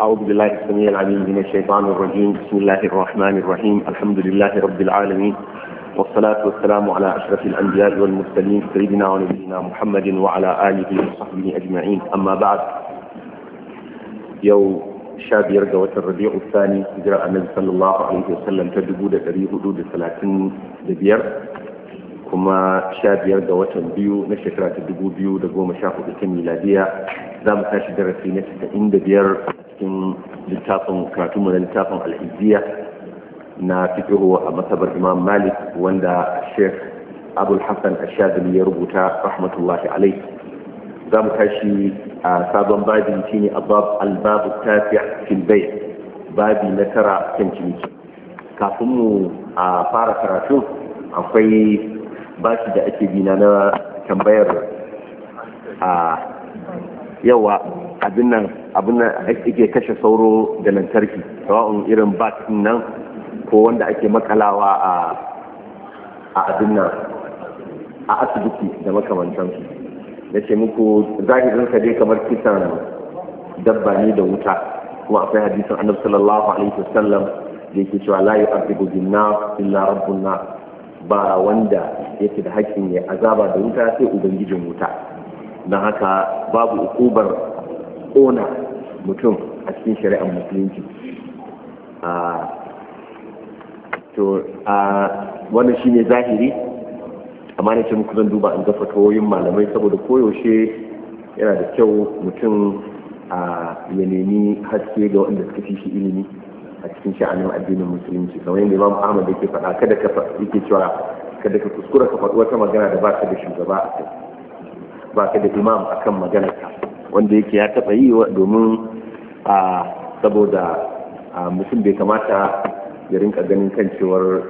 أعوذ بالله السميع العليم من الشيطان الرجيم بسم الله الرحمن الرحيم الحمد لله رب العالمين والصلاة والسلام على أشرف الأنبياء والمرسلين سيدنا ونبينا محمد وعلى آله وصحبه أجمعين أما بعد يوم شاب يرجع الربيع الثاني جرى النبي صلى الله عليه وسلم تدبو دقري حدود ثلاثين دبير كما شاب يرجع ga نشكرات biyu بيو shekara ta dubu biyu da goma sha hudu دبير cikin littafin karatunmu na littafin al'ijiyya na fikihu a matsabar imam malik wanda sheikh abul hassan ya rubuta rahmatullahi alai za mu tashi a sabon babi shi ne albabu tafiya filbai babi na tara kan ciniki kafin mu a fara karatu akwai bashi da ake bina na tambayar a yawa abin nan abin nan ake kashe sauro da lantarki sawa'un irin bat nan ko wanda ake makalawa a abin nan a asibiti da makamantansu da ce muku zahirin ka dai kamar kisan dabba ne da wuta kuma akwai hadisin annabi sallallahu alaihi wasallam da yake cewa la yu'adhibu bin na illa rabbun na ba wanda yake da hakkin ya azaba da wuta sai ubangijin wuta don haka babu ukubar kona mutum a cikin shari'ar musulunci a to a wannan shine zahiri amma na ce muku zan duba an gafa fatawoyin malamai saboda koyaushe yana da kyau mutum a ya nemi haske ga wanda suka fi shi ilimi a cikin sha'anin addinin musulunci kamar yadda imam ahmad yake faɗa kada ka yake cewa kada ka kuskura ka faɗi wata magana da ba ka da shugaba a kai ba ka da imam akan maganar ka wanda yake ya taɓa yi domin a saboda mutum bai kamata ya rinka ganin kan cewar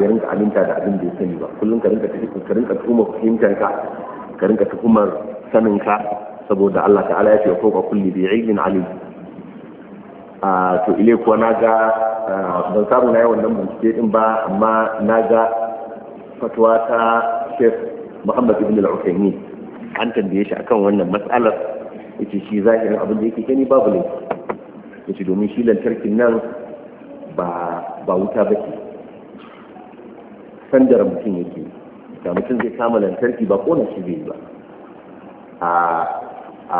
ya rinka aminta da abin da ya sani ba kullum ka rinka ka rinka tuhuma fahimtar ka rinka sanin saninka saboda Allah ta'ala ya ce wa fawqa kulli bi ilmin alim a to ile kuwa na ga ban samu na yawan nan bincike din ba amma na ga fatwa ta Sheikh Muhammad ibn al-Uthaymeen an tambaye shi akan wannan matsalar yace shi zahirin abin da yake gani babu ne yace domin shi lantarkin nan ba ba wuta ba ce sandar mutum yake da mutum zai kama lantarki ba kona shi zai ba a a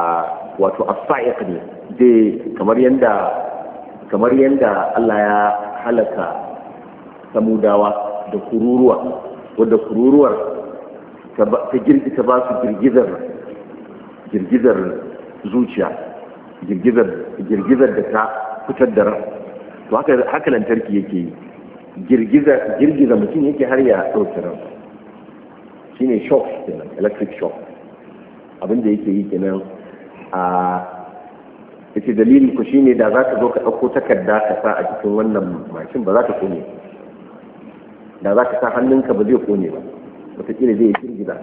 wato asfa'iq ne dai kamar yanda kamar yanda Allah ya halaka samudawa da kururuwa wadda kururuwar ta ba su girgizar girgizar zuciya girgizar da ta fitar da ran to haka lantarki yake yi girgiza mutum yake har ya dauki ran shi ne shock kenan electric shock da yake yi kenan a yace dalilin ku shine da za ka zo ka dauko takarda ka sa a cikin wannan mashin ba za ka kone da za ka sa hannunka ba zai kone ba wataƙila zai girgiza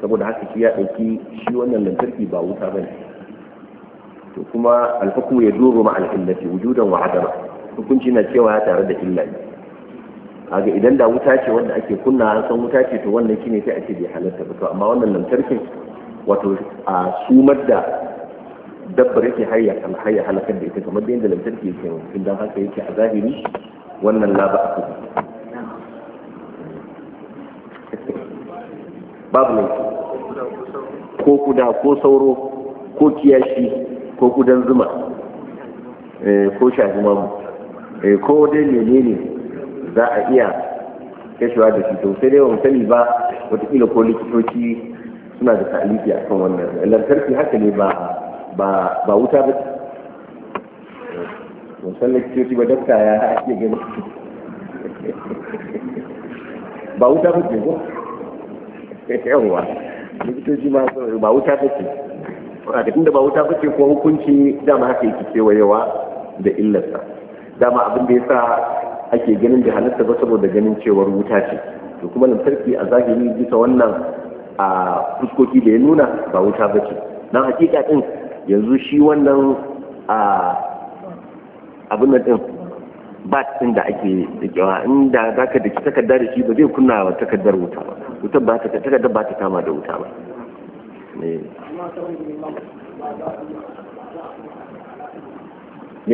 saboda haka shi ya ɗauki shi wannan lantarki ba wuta ba ne to kuma alhukumu ya duru ma al'illati wujudan wa adama hukunci na cewa ya tare da illa ne kaga idan da wuta ce wanda ake kunna an san wuta ce to wannan shine sai ake bai halarta ba to amma wannan lantarkin wato a sumar da dabbar yake hayya kan hayya halakar da ita kamar da yadda lantarki yake yin dan haka yake a zahiri wannan laba a a babu laifi ko kuda ko sauro ko kiyashi ko kudan zuma eh, ko shahimamu eh, ko dai menene za a iya kashewa da shi to dai ba sani ba watakila ko likitoci suna da ta'aliki a kan wannan lantarki haka ne ba wuta ba musan likitoci ba dakta ya ya gani ba wuta ba ce ko yawwa likitoci ma ba wuta take a da ba wuta take ko hukunci dama haka yake kewayewa da illarsa dama abin da yasa ake ganin da halatta ba saboda ganin cewar wuta ce to kuma lantarki a zahiri bisa wannan a fuskoki da ya nuna ba wuta ba ce don hakika din yanzu shi wannan a abin da din bat da ake da kewa inda za ka da takarda da shi ba zai kunna takardar wuta ba wutar ba ta takardar ba ta kama da wuta ba ne eh,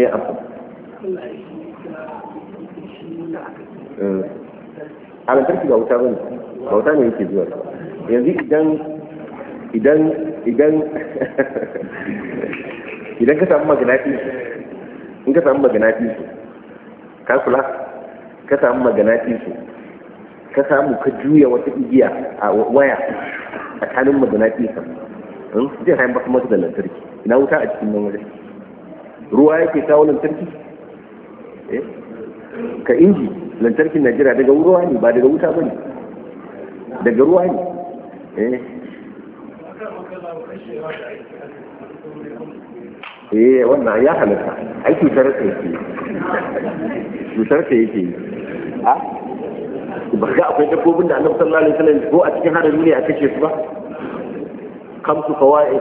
a a ba wuta ba ne ba wuta ne yake zuwa yanzu idan idan idan idan ka samu maganati in ka samu maganati su ka kula ka samu maganati su ka samu ka juya wata igiya a waya tsakanin mazanaƙi ka hmm? zai hayan baka mata da lantarki ina wuta a cikin nan wajen ruwa yake kawo lantarki eh? ka inji lantarkin najeriya daga ruwa ne ba daga wuta ba ne daga ruwa ne eh, eh wannan ya halatta ai cutar ka yake cutar ka yake a ah? ba ga akwai dabbobin da annabi sallallahu alaihi wasallam ko a cikin harami ne a ce su ba خمس فوائد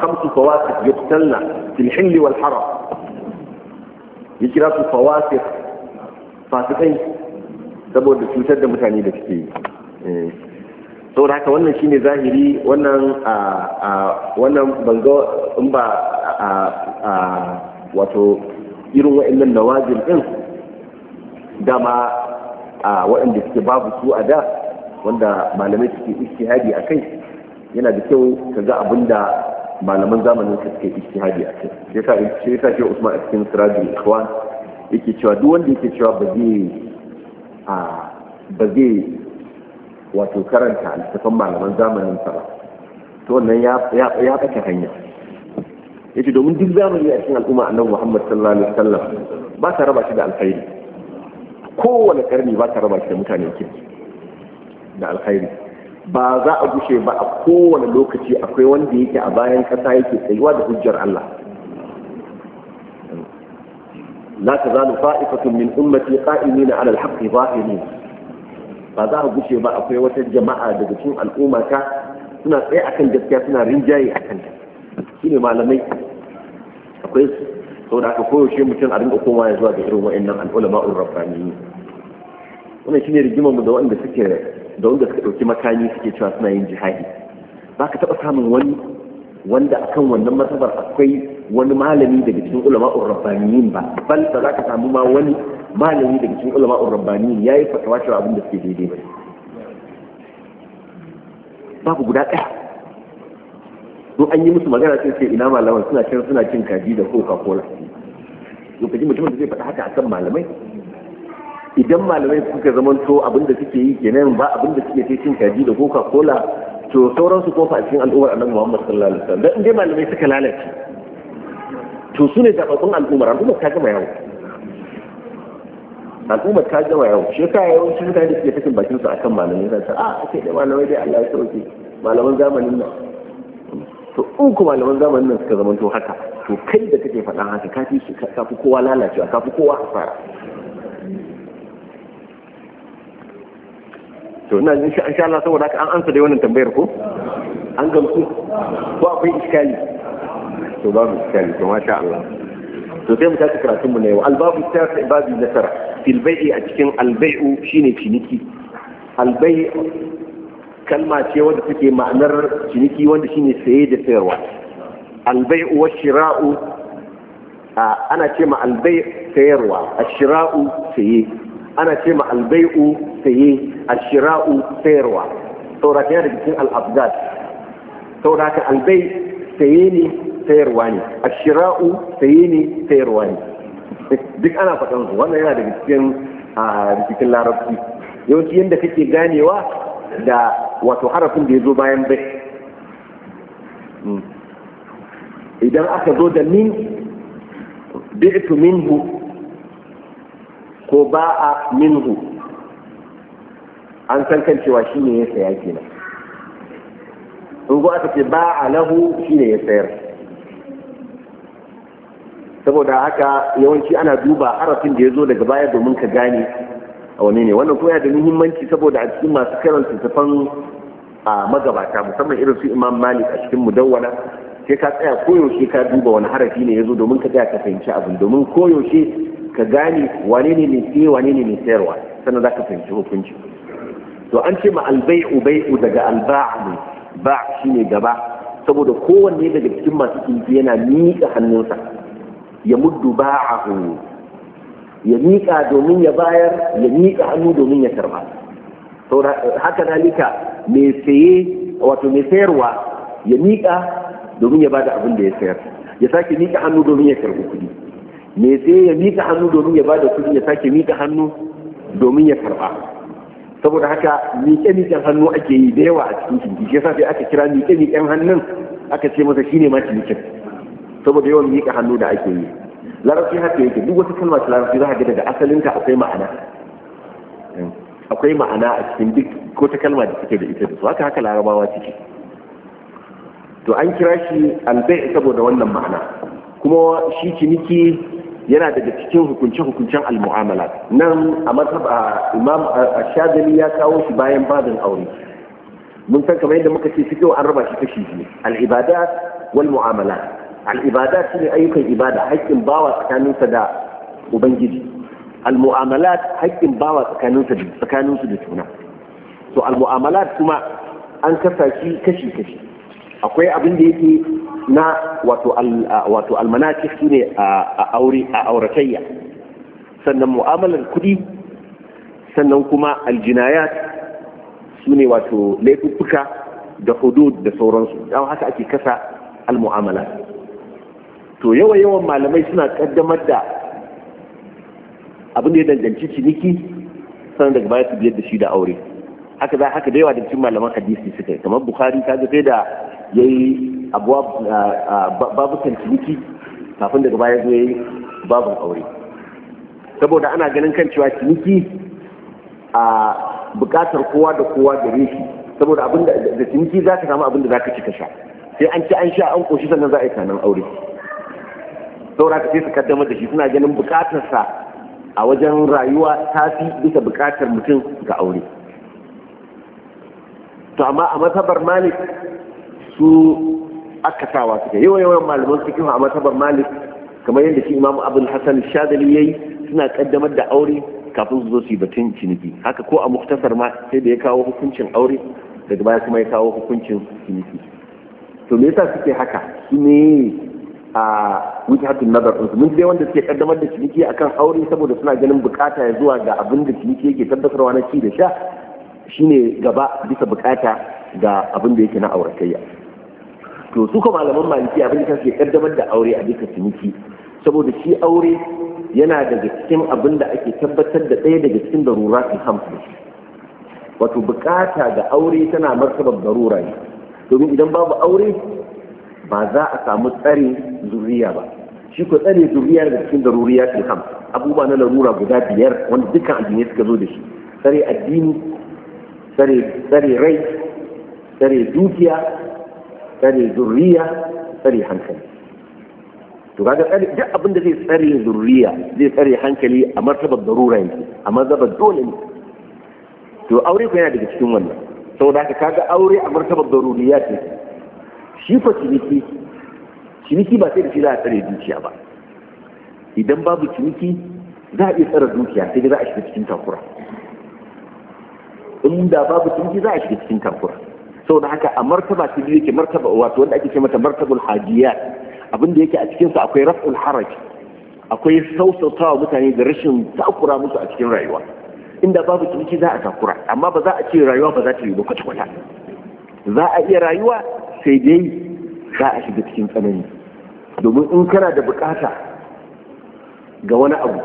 خمس فواسق يقتلن في الحل والحرم su فواسق fasikai saboda cutar da mutane da suke yi eh. saboda haka wannan shine zahiri wannan a wannan bango in ba a wato irin wa'annan nawazin din dama a waɗanda suke babu su a da wanda malamai suke istihadi a kai yana da kyau ka ga abin da malaman zamanin ka suke istihadi a kai Ya sa ya yasa ce Usman a cikin sirajin Ikhwan yake cewa duk wanda yake cewa ba zai a ba zai wato karanta littafin malaman zamanin ba to wannan ya ya hanya yace domin duk zamani a cikin al'umma annabi Muhammad sallallahu alaihi wasallam ba ta raba shi da alkhairi kowane karni ba ta raba shi da mutane kirki da alkhairi ba za a gushe ba a kowane lokaci akwai wanda yake a bayan kasa yake tsayuwa da hujjar Allah la tazalu fa'ifatun min ummati qa'imina 'ala al-haqqi zahirin ba za a gushe ba akwai wata jama'a daga cikin al'umma ta suna tsaye akan gaskiya suna rinjaye akan ta ne malamai akwai saboda aka koyaushe mutum a rinka komawa ya zuwa ga irin wa'annan al'ulama urrafani wannan shine rigimar mu da wanda suke da wanda suka dauki makani suke cewa suna yin jihadi ba ka taba samun wani wanda akan wannan matsabar akwai wani malami daga cikin ulama urrafaniyin ba bal da za ka samu ma wani malami daga cikin ulama urrafaniyin ya yi fatawa cewa abin da suke daidai ba babu guda ɗaya don an yi musu magana sai ce ina malaman suna cin suna cin kaji da coca cola to ji mutumin da zai faɗa haka akan malamai idan malamai suka zamanto abin da suke yi kenan ba abin da suke ce cin kaji da coca cola to su ko a cikin al'ummar annabi Muhammad sallallahu alaihi wasallam dan dai malamai suka lalace to su ne zababbun al'ummar al'ummar ta gama yawo al'ummar ta gama yawo shi ka ta mutane da suke cikin bakin su akan malamai zai ce ah, a kai dai malamai dai Allah ya sauke malaman zamanin nan to in ku malaman zamanin nan suka zamanto haka to kai da kake faɗa haka ka fi ka fi kowa lalacewa ka fi kowa asara to ina jin insha Allah saboda haka an ansa dai wannan tambayar ko an gamsu ko akwai iskali to babu iskali to masha Allah to sai mu tafi karatun mu na yau albabu tafi babu nasara fil bai'i a cikin albai'u shine ciniki albai'u kalma ce wanda take ma'anar ciniki wanda shine saye da sayarwa albai'u wa shira'u ana ce ma albai sayarwa ashira'u saye ana ce ma albai'u saye ashira'u sayarwa saboda yana da cikin al-abdad saboda ka albai saye ne sayarwa ne ashira'u saye ne sayarwa ne duk ana faɗan su wannan yana da cikin a cikin larabci yawanci yadda kake ganewa da wato harafin da ya zo bayan bai idan aka zo da min bi'tu minhu ko ba'a minhu an san kan cewa shi ne ya saya kenan in ko aka ce ba'a lahu shi ne ya sayar saboda haka yawanci ana duba harafin da ya zo daga baya domin ka gane a wani ne wannan kuma yana da muhimmanci saboda a cikin masu karanta littafan a magabata musamman irin su imam malik a cikin mudawwana sai ka tsaya koyaushe ka duba wani harafi ne ya zo domin ka tsaya ka fahimci abin domin koyaushe ka gane wane ne mai siye wane ne mai sayarwa sannan za ka fahimci hukunci to an ce ma albai'u bai'u daga alba'a ne shi shine gaba saboda kowanne daga cikin masu kinki yana miƙa hannunsa ya muddu ba'ahu ya miƙa domin ya bayar ya miƙa hannu domin ya karba to haka dalika mai saye wato mai sayarwa ya miƙa domin ya bada abin da ya sayar ya sake miƙa hannu domin ya karbi kuɗi mai saye ya miƙa hannu domin ya bada kuɗi ya sake miƙa hannu domin ya karba saboda haka miƙe-miƙen hannu ake yi da yawa a cikin ciniki shi yasa sai aka kira miƙe-miƙen hannun aka ce masa shine ma cinikin saboda yawan miƙa hannu da ake yi larabci haka yake duk wata kalma ta larabci za ka ga daga asalinta akwai ma'ana akwai ma'ana a cikin duk ko ta kalma da suke da ita da su haka haka larabawa ciki to an kira shi albai saboda wannan ma'ana kuma shi ciniki yana daga cikin hukunce-hukuncen mu'amala. nan a mazhaba imam shadali ya kawo shi bayan babin aure mun san kamar yadda muka ce cikin an raba shi kashi biyu al-ibadat wal mu'amala. al'ibada shi ne ayyukan ibada haƙƙin bawa tsakaninsa da ubangiji al-mu'amalat haƙƙin bawa tsakaninsu da juna to al-mu'amalat kuma an kasa shi kashi kashi akwai abin da yake na wato almanaki a ne a auratayya sannan mu'amalar kuɗi, sannan kuma aljinayat su ne wato laifuffuka da hudud da sauransu don haka ake kasa almu'amalat to yawa yawan malamai suna kaddamar da abin da ya danganci ciniki sannan daga baya su biyar da shi da aure haka za haka da yawa da cikin malaman hadisi suka yi kamar bukhari ta ga sai da ya abuwa babukan ciniki kafin daga baya zai yi babun aure saboda ana ganin kan cewa ciniki a bukatar kowa da kowa da shi saboda abin da ciniki za ka samu abin da za ka ci ka sha sai an ci an sha an koshi sannan za a yi kanan aure saura ka sai su kaddamar da shi suna ganin bukatarsa a wajen rayuwa ta fi bisa bukatar mutum ga aure to amma a matsabar malik su akasawa suka yawan yawan malaman su a matsabar malik kamar yadda shi imamu abul hasan shadali yayi suna kaddamar da aure kafin su zo su yi batun ciniki haka ko a muktasar ma sai da ya kawo hukuncin aure daga baya kuma ya kawo hukuncin ciniki to me yasa suke haka su ne a wujhatun nazar din mun sai wanda suke kaddamar da ciniki a kan aure saboda suna ganin bukata ya zuwa ga abin da ciniki yake tabbatarwa na ci da sha shine gaba bisa bukata ga abin da yake na auratayya to su kuma malaman maliki abin da suke kaddamar da aure a bisa ciniki saboda shi aure yana daga cikin abin da ake tabbatar da ɗaya daga cikin darura daruratul hamsin wato bukata ga aure tana martabar darura ne domin idan babu aure ba za a samu tsare zuriya ba shi ko tsare zuriya daga cikin daruriya ce kam abubuwa na larura guda biyar wanda dukkan addinai suka zo da shi tsare addini tsare rai tsare dukiya tsare zuriya tsare hankali to kaga tsare duk abin da zai tsare zuriya zai tsare hankali a martabar darura ne a martabar dole ne to aure ko yana daga cikin wannan saboda haka kaga aure a martabar daruriya ce shi ciniki ciniki ba sai da shi za a tsare dukiya ba idan babu ciniki za a iya tsare dukiya sai za a shiga cikin takura in da babu ciniki za a shiga cikin takura da haka a martaba ta biyu yake martaba wato wanda ake ce mata martabul hajiyat abin da yake a cikin akwai raf'ul haraj akwai sausautawa mutane da rashin takura musu a cikin rayuwa inda babu ciniki za a takura amma ba za a ce rayuwa ba za ta yi ba kwata-kwata za a iya rayuwa sai dai za a shiga cikin tsanani domin in kana da bukata ga wani abu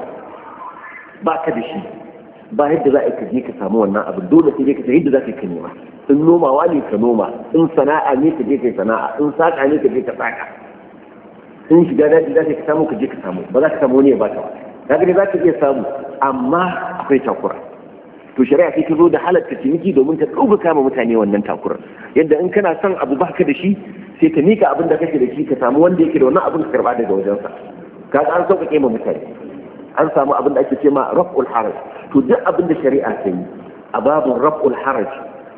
ba ka da shi ba yadda za a kaje ka samu wannan abin dole sai dai ka yadda za ka yi nema in nomawa ne ka noma in sana'a ne ka je ka sana'a in saka ne ka je ka saka in shiga daji za ka samu ka je ka samu ba za ka samu wani ya ba ka ba za ka iya samu amma akwai takura to shari'a sai ta zo da halatta ciniki domin ta ɗauka kama mutane wannan takurar yadda in kana son abu baka da shi sai ka mika abin da kake da shi ka samu wanda yake da wannan abin ka karba daga wajensa kaga an sauƙaƙe ma mutane an samu abin da ake ce ma raf'ul haraj to duk abin da shari'a ta yi a babun raf'ul haraj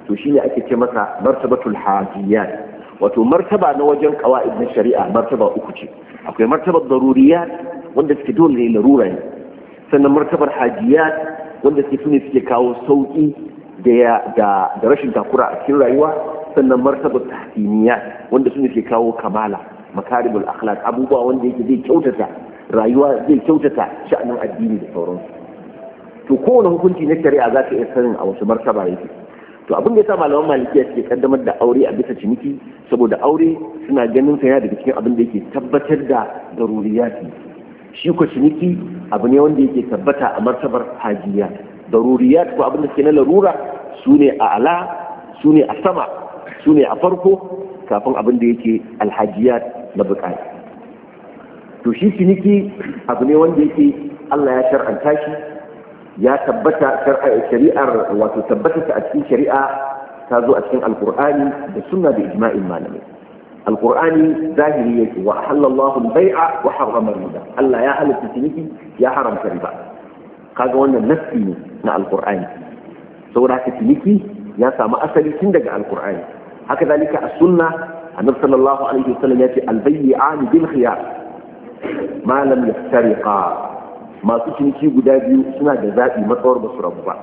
to shine ake ce masa martabatul hajiyat wato martaba na wajen qawaid na shari'a martaba uku ce akwai martabar daruriyat wanda suke dole ne larura ne sannan martabar hajiyat wanda suke ne suke kawo sauki da rashin takura a cikin rayuwa sannan martabar tahsiniya wanda ne suke kawo kamala makaribul akhlaq abubuwa wanda yake zai kyautata rayuwa zai kyautata sha'anin addini da sauransu to kowane hukunci na shari'a za ta iya sanin a wasu martaba yake to abin da ya sa malaman malikiya suke kaddamar da aure a bisa ciniki saboda aure suna ganin sa yana daga cikin abin da yake tabbatar da daruriyati shi ku ciniki abu ne wanda yake tabbata a martabar hajiya daruriyat ko abin da suke na larura su ne a ala su ne a sama su ne a farko kafin abin da yake alhajiyat na bukata to shi ciniki abu ne wanda yake Allah ya shar'anta shi ya tabbata shari'ar wato tabbatarsa a cikin shari'a ta zo a cikin alkur'ani da sunna da ijma'in malamai alqur'ani zahiri yake wa halallahu al-bai'a wa harrama riba Allah ya halatta ciniki ya haramta riba kaga wannan nassi ne na alqur'ani saboda haka ciniki ya samu asali tun daga alqur'ani haka zalika a sunna annabi sallallahu alaihi wasallam ya ce al-bai'ani bil khiyar ma lam yaftariqa masu ciniki guda biyu suna da zaɓi matsawar basu rabu ba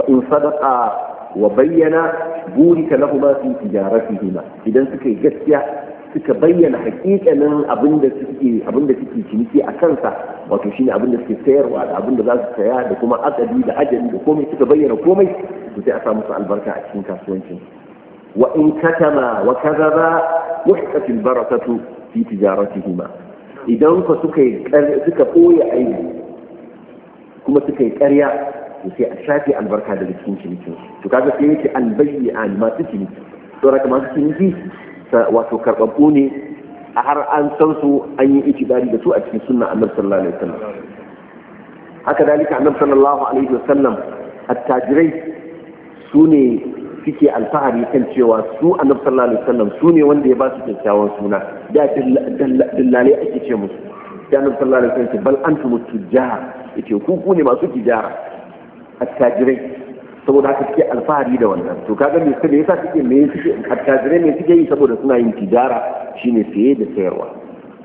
fa in sadaqa wa bayyana burika lahuma fi hima, idan suka yi gaskiya suka bayyana hakikanin abin da suke suke ciniki a kansa wato shine abin da suke sayarwa da abin da za su saya da kuma akadi da ajali da komai suka bayyana komai to sai a samu su albarka a cikin kasuwancin wa in katama wa kadaba muhqat barakatu fi tijaratihima idan ka suka suka boye aiki kuma suka yi ƙarya to sai a shafe albarka daga cikin ciniki to kaga sai yake an bayyi an masu ciniki to raka masu ciniki wato karɓaɓɓu ne a har an san su an yi itibari da su a cikin sunna annabi sallallahu alaihi wasallam haka dalika annabi sallallahu alaihi wasallam attajirai su ne suke alfahari kan cewa su annabi sallallahu alaihi wasallam su ne wanda ya ba su kyakkyawan suna da dillale ake ce musu da annabi sallallahu alaihi wasallam bal antum tujjar yace ku ku ne masu tijara attajirai saboda haka suke alfahari da wannan to kaga me da yasa suke me suke attajirai me suke yi saboda suna yin tijara shine saye da sayarwa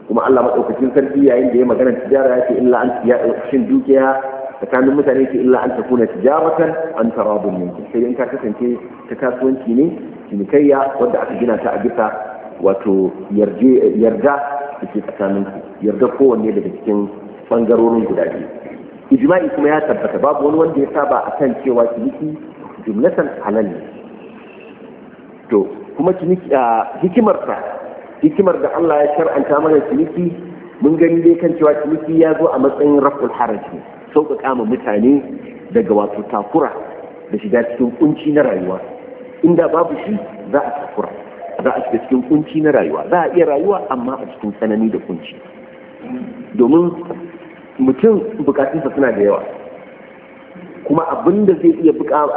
kuma Allah madaukakin sarki yayin da ya magana tijara yake illa an ya shin dukiya tsakanin mutane ke illa an takuna tijaratan an tarabun min sai in ka kasance ta kasuwanci ne cinikayya wadda aka gina ta a bisa wato yarda da ke tsakaninku yarda kowanne daga cikin bangarorin guda biyu ijma'i kuma ya tabbata babu wani wanda ya saba kan cewa ciniki jumlatan halal ne to kuma ciniki a hikimarsa hikimar da Allah ya shar'anta mana ciniki mun gani dai kan cewa ciniki ya zo a matsayin raf'ul haraji sauƙaƙa ma mutane daga wato takura da shiga cikin kunci na rayuwa inda babu shi za a takura za a shiga cikin kunci na rayuwa za a iya rayuwa amma a cikin tsanani da kunci domin mutum bukatunsa suna da yawa kuma abinda zai iya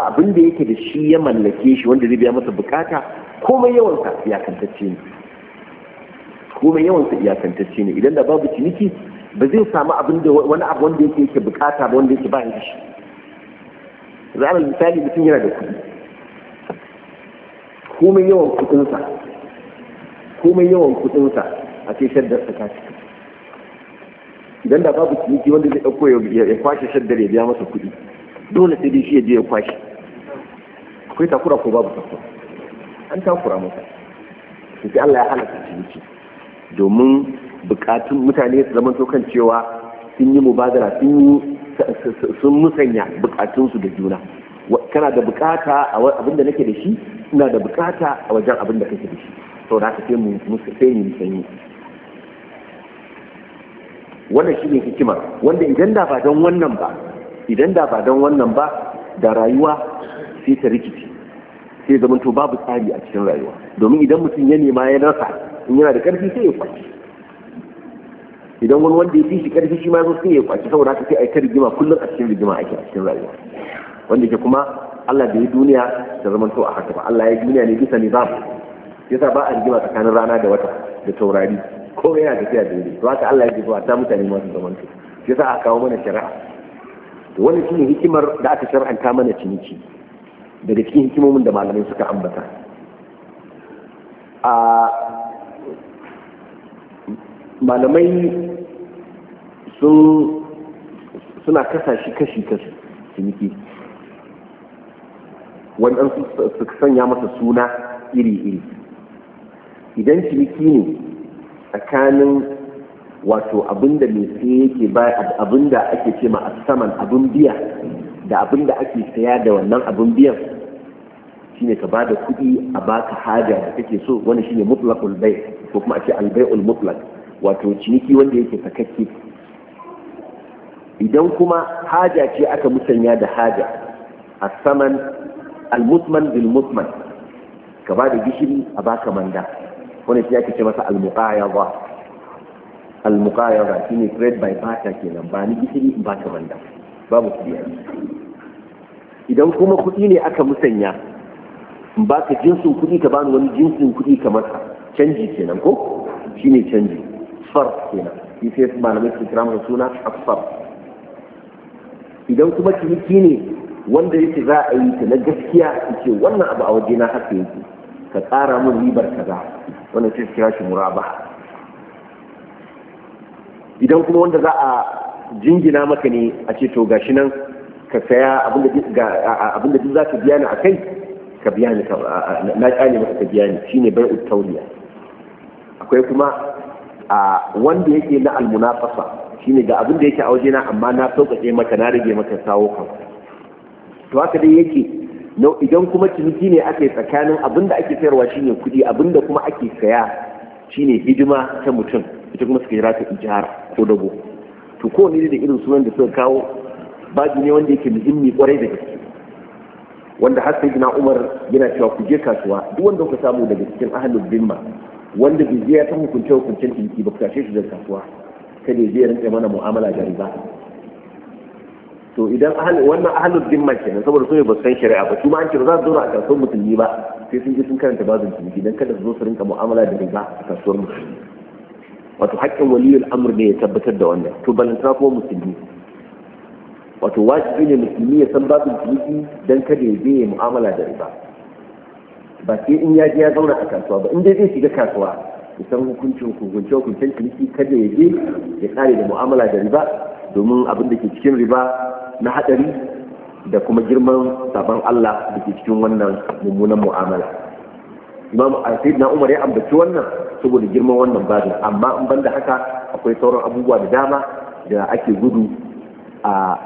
abinda yake da shi ya mallake shi wanda zai biya masa bukata komai yawansa iyakantacce ne komai yawansa iyakantacce ne idan da babu ciniki ba zai samu abin da wani abu wanda yake yake bukata ba wanda yake ba da shi za misali mutum yana da kuɗi komai yawan kuɗinsa komai yawan kuɗinsa a ce shaddar ta cika idan da babu ciniki wanda zai ɗauko ya kwashe shaddar ya biya masa kuɗi dole sai dai shi ya je ya kwashe akwai takura ko babu takura an takura masa sai Allah ya halaka ciniki domin bukatun mutane su zama kan cewa sun yi mubadara sun yi sun musanya bukatunsu da juna kana da bukata a abin da nake da shi ina da bukata a wajen abin da kake da shi saboda haka sai mu sai mu sanyi wannan shine hikima wanda idan da ba don wannan ba idan da ba don wannan ba da rayuwa sai ta rikici sai zama to babu tsari a cikin rayuwa domin idan mutum ya nema ya rasa in yana da karfi sai ya kwaci idan wani wanda ya fi shi karfi shi ma zo sai ya kwaci saboda haka sai a yi ta rigima kullum a cikin rigima ake a cikin rayuwa wanda ke kuma Allah bai yi duniya da zaman to a haka ba Allah ya duniya ne bisa babu. yasa ba a rigima tsakanin rana da wata da taurari ko yana tafiya daidai to haka Allah ya jefa ta mutane masu zaman su shi sa aka kawo mana shari'a to wannan shine hikimar da aka shar'anta mana ciniki daga cikin hikimomin da malamai suka ambata a malamai sun suna kasa shi kashi kashi ciniki wannan su sanya masa suna iri-iri idan ciniki ne tsakanin wato abinda mai sai yake ba abinda ake ce ma saman abin biya da abinda ake saya da wannan abin biyan shine ka bada kuɗi a baka haja da kake so wani shine mutlaqul bai ko kuma ake albai'ul mutlaq wato ciniki wanda yake sakakke idan kuma haja ce aka musanya da haja asaman almusman bil musman ka bada gishiri a baka manda wani shi ake ce masa al-muqayaba al-muqayaba shine trade by barter kenan ba ni gishiri in baka banda babu kudi idan kuma kudi ne aka musanya in ba ka jinsin kudi ka bani wani jinsin kudi kamar canji kenan ko shine canji far kenan shi sai malamai su kira masa suna asfar idan kuma ciniki ne wanda yake za a yi ta na gaskiya ce wannan abu a waje na haka yake ka tsara mun ribar kaza wanda sai su kira shi muraba idan kuma wanda za a jingina maka ne a ce to gashi nan ka saya abinda duk za ka biya ni a kai ka biya ni na kyale maka ka biya ni shi ne bai utauliya akwai kuma a wanda yake na almunafasa ne ga abinda yake a waje wajena amma na sauƙaƙe maka na rage maka sawo kan to haka dai yake idan kuma ciniki ne ake tsakanin abin da ake sayarwa shine kuɗi abin da kuma ake saya shine hidima ta mutum ita kuma suka kira ta ijara ko dago to ko ne da irin sunan da suka kawo babu ne wanda yake muhimmi kwarai da gaske wanda har sai Umar yana cewa ku je kasuwa duk wanda kuka samu daga cikin ahalin bimma wanda bai je ya san hukunce hukuncen ciniki ba ku tashe shi daga kasuwa kada ya je ya rinka mana mu'amala da riba to idan wannan ahalul dimma nan saboda su ne ba san shari'a ba su ma an za su zauna a kasuwar musulmi ba sai sun ji sun karanta bazin ciniki dan kada su zo su rinka mu'amala da riba a kasuwar musulmi wato haƙƙin waliyul amr ne ya tabbatar da wannan to balantana kuma musulmi wato wajibi ne musulmi ya san bazin ciniki dan kada ya je ya mu'amala da riba ba sai in ya je ya zauna a kasuwa ba in dai zai shiga kasuwa ya san hukuncin hukuncin hukuncin ciniki kada ya je ya tsare da mu'amala da riba domin abin da ke cikin riba na haɗari da kuma girman saban Allah da ke cikin wannan mummunan mu'amala imam eh, na umar ya ambaci wannan saboda girman wannan babin amma in banda haka akwai sauran abubuwa da dama da ake gudu a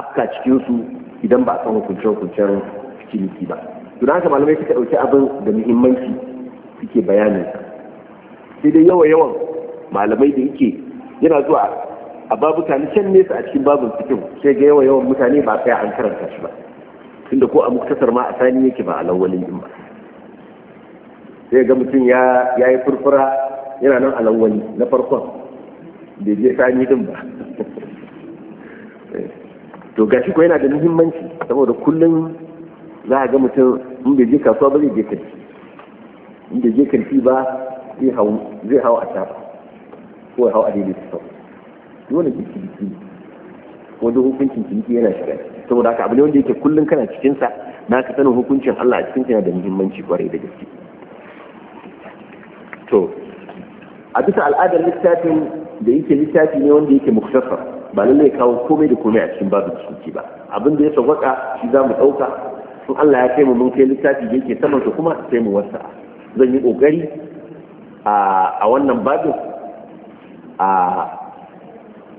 afka cikinsu idan ba a san hukuncen-hukuncen ciniki ba Tuna haka malamai suka ɗauki abin da muhimmanci suke bayanin sai dai yawa yawan malamai da yake yana zuwa a babu ni can nesa a cikin babin cikin sai ga yawa yawan mutane ba sai an karanta shi ba tunda ko a muktasar ma a sani yake ba a lawalin din ba sai ga mutum ya yi furfura yana nan a lawali na farkon bai je sani din ba to gashi ko yana da muhimmanci saboda kullum za a ga mutum in bai je kasuwa ba zai je shi, in bai je shi ba zai hau a tafa ko ya hau a daidai sau dole ki ciniki wanda hukuncin ciniki yana shiga saboda haka abu ne wanda yake kullum kana cikin sa na ka sanin hukuncin Allah a cikin yana da muhimmanci kwarai da gaske to a bisa al'adar littafin da yake littafi ne wanda yake muktasar ba lallai kawo komai da komai a cikin babu ciniki ba abin da ya sawwaka shi za mu ɗauka in Allah ya kai mu mun kai littafi da yake saman sa kuma sai mu wasa zan yi kokari a wannan babin a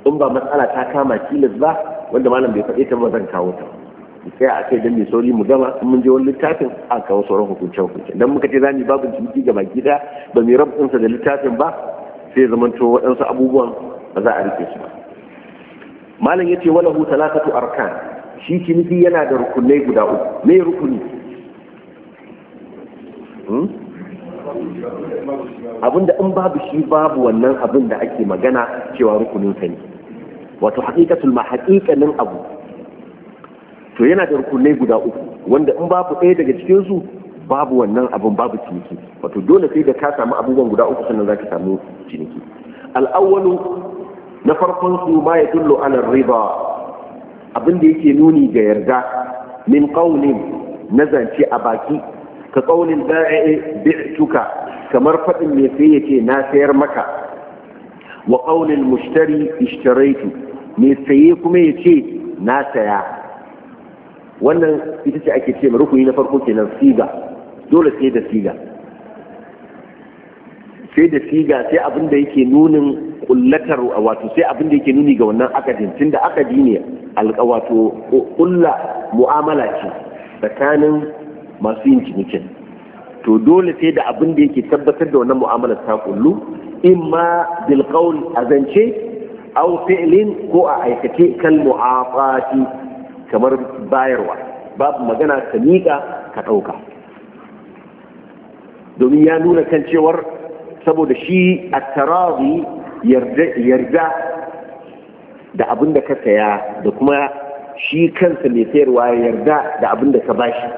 in ba matsala ta kama tilas ba wanda malam bai faɗe ta ba zan kawo ta sai a kai dan mai sauri mu gama in mun je wani littafin a kawo sauran hukuncen hukuncen dan muka ce za mu babu ciniki ga baki daya ba mu rabu da littafin ba sai to waɗansu abubuwan ba za a rike su ba malam yace wala hu talatatu arkan shi ciniki yana da rukunai guda uku me rukuni hmm? abinda in babu shi babu wannan abin da ake magana cewa rukunin ne wato haƙiƙatul ma haƙiƙanin abu to yana da rukunai guda uku wanda in babu ɗaya daga cikin su babu wannan abun babu ciniki wato dole sai da ka samu abubuwan guda uku sannan zaka samu ciniki al'awwalu na farkon su ma ya dullo ala riba abin da yake nuni ga yarda min qawlin na zance a baki ka qawlin ba'i bi'tuka kamar fadin mai sai yace na sayar maka wa qawlin mushtari ishtaraitu mai saye kuma ya ce na saya wannan ita ce ake ce rukuni na farko kenan siga dole sai da siga sai da siga sai abin da yake nunin kullatar wato sai abin da yake nuni ga wannan akadin tunda akadi ne wato kulla mu'amala ce tsakanin masu yin cinikin to dole sai da abin da yake tabbatar da wannan mu'amalar ta kullu imma ma a azance aw fi'lin ko a aikace kal mu'afati kamar bayarwa babu magana ka miƙa ka ɗauka domin ya nuna kan cewar saboda shi a tarazi yarda da abin da ka saya da kuma shi kansa mai sayarwa yarda da abin da ka bashi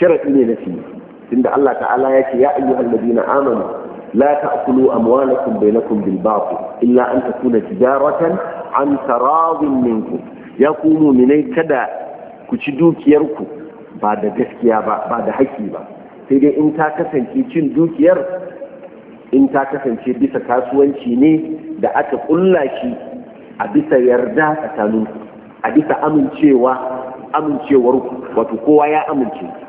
sharaɗi ne na siye tunda Allah ta'ala ya ce ya ayyuhal ladina amanu لا تأكلوا أموالكم بينكم بالباطل إلا أن تكون تجارة عن تراض منكم يقوموا أي كدا كتشدوك كيركو بعد جسكيا بعد حكيبا سيدي إن تاكسن كيشن دوك كير إن تاكسن كي بيسا كاسوان شيني دا أكا قلا شي أبيسا يردا تتانوك أبيسا أمن شيوا أمن شيوا ركو وتقوى يا أمن شيوا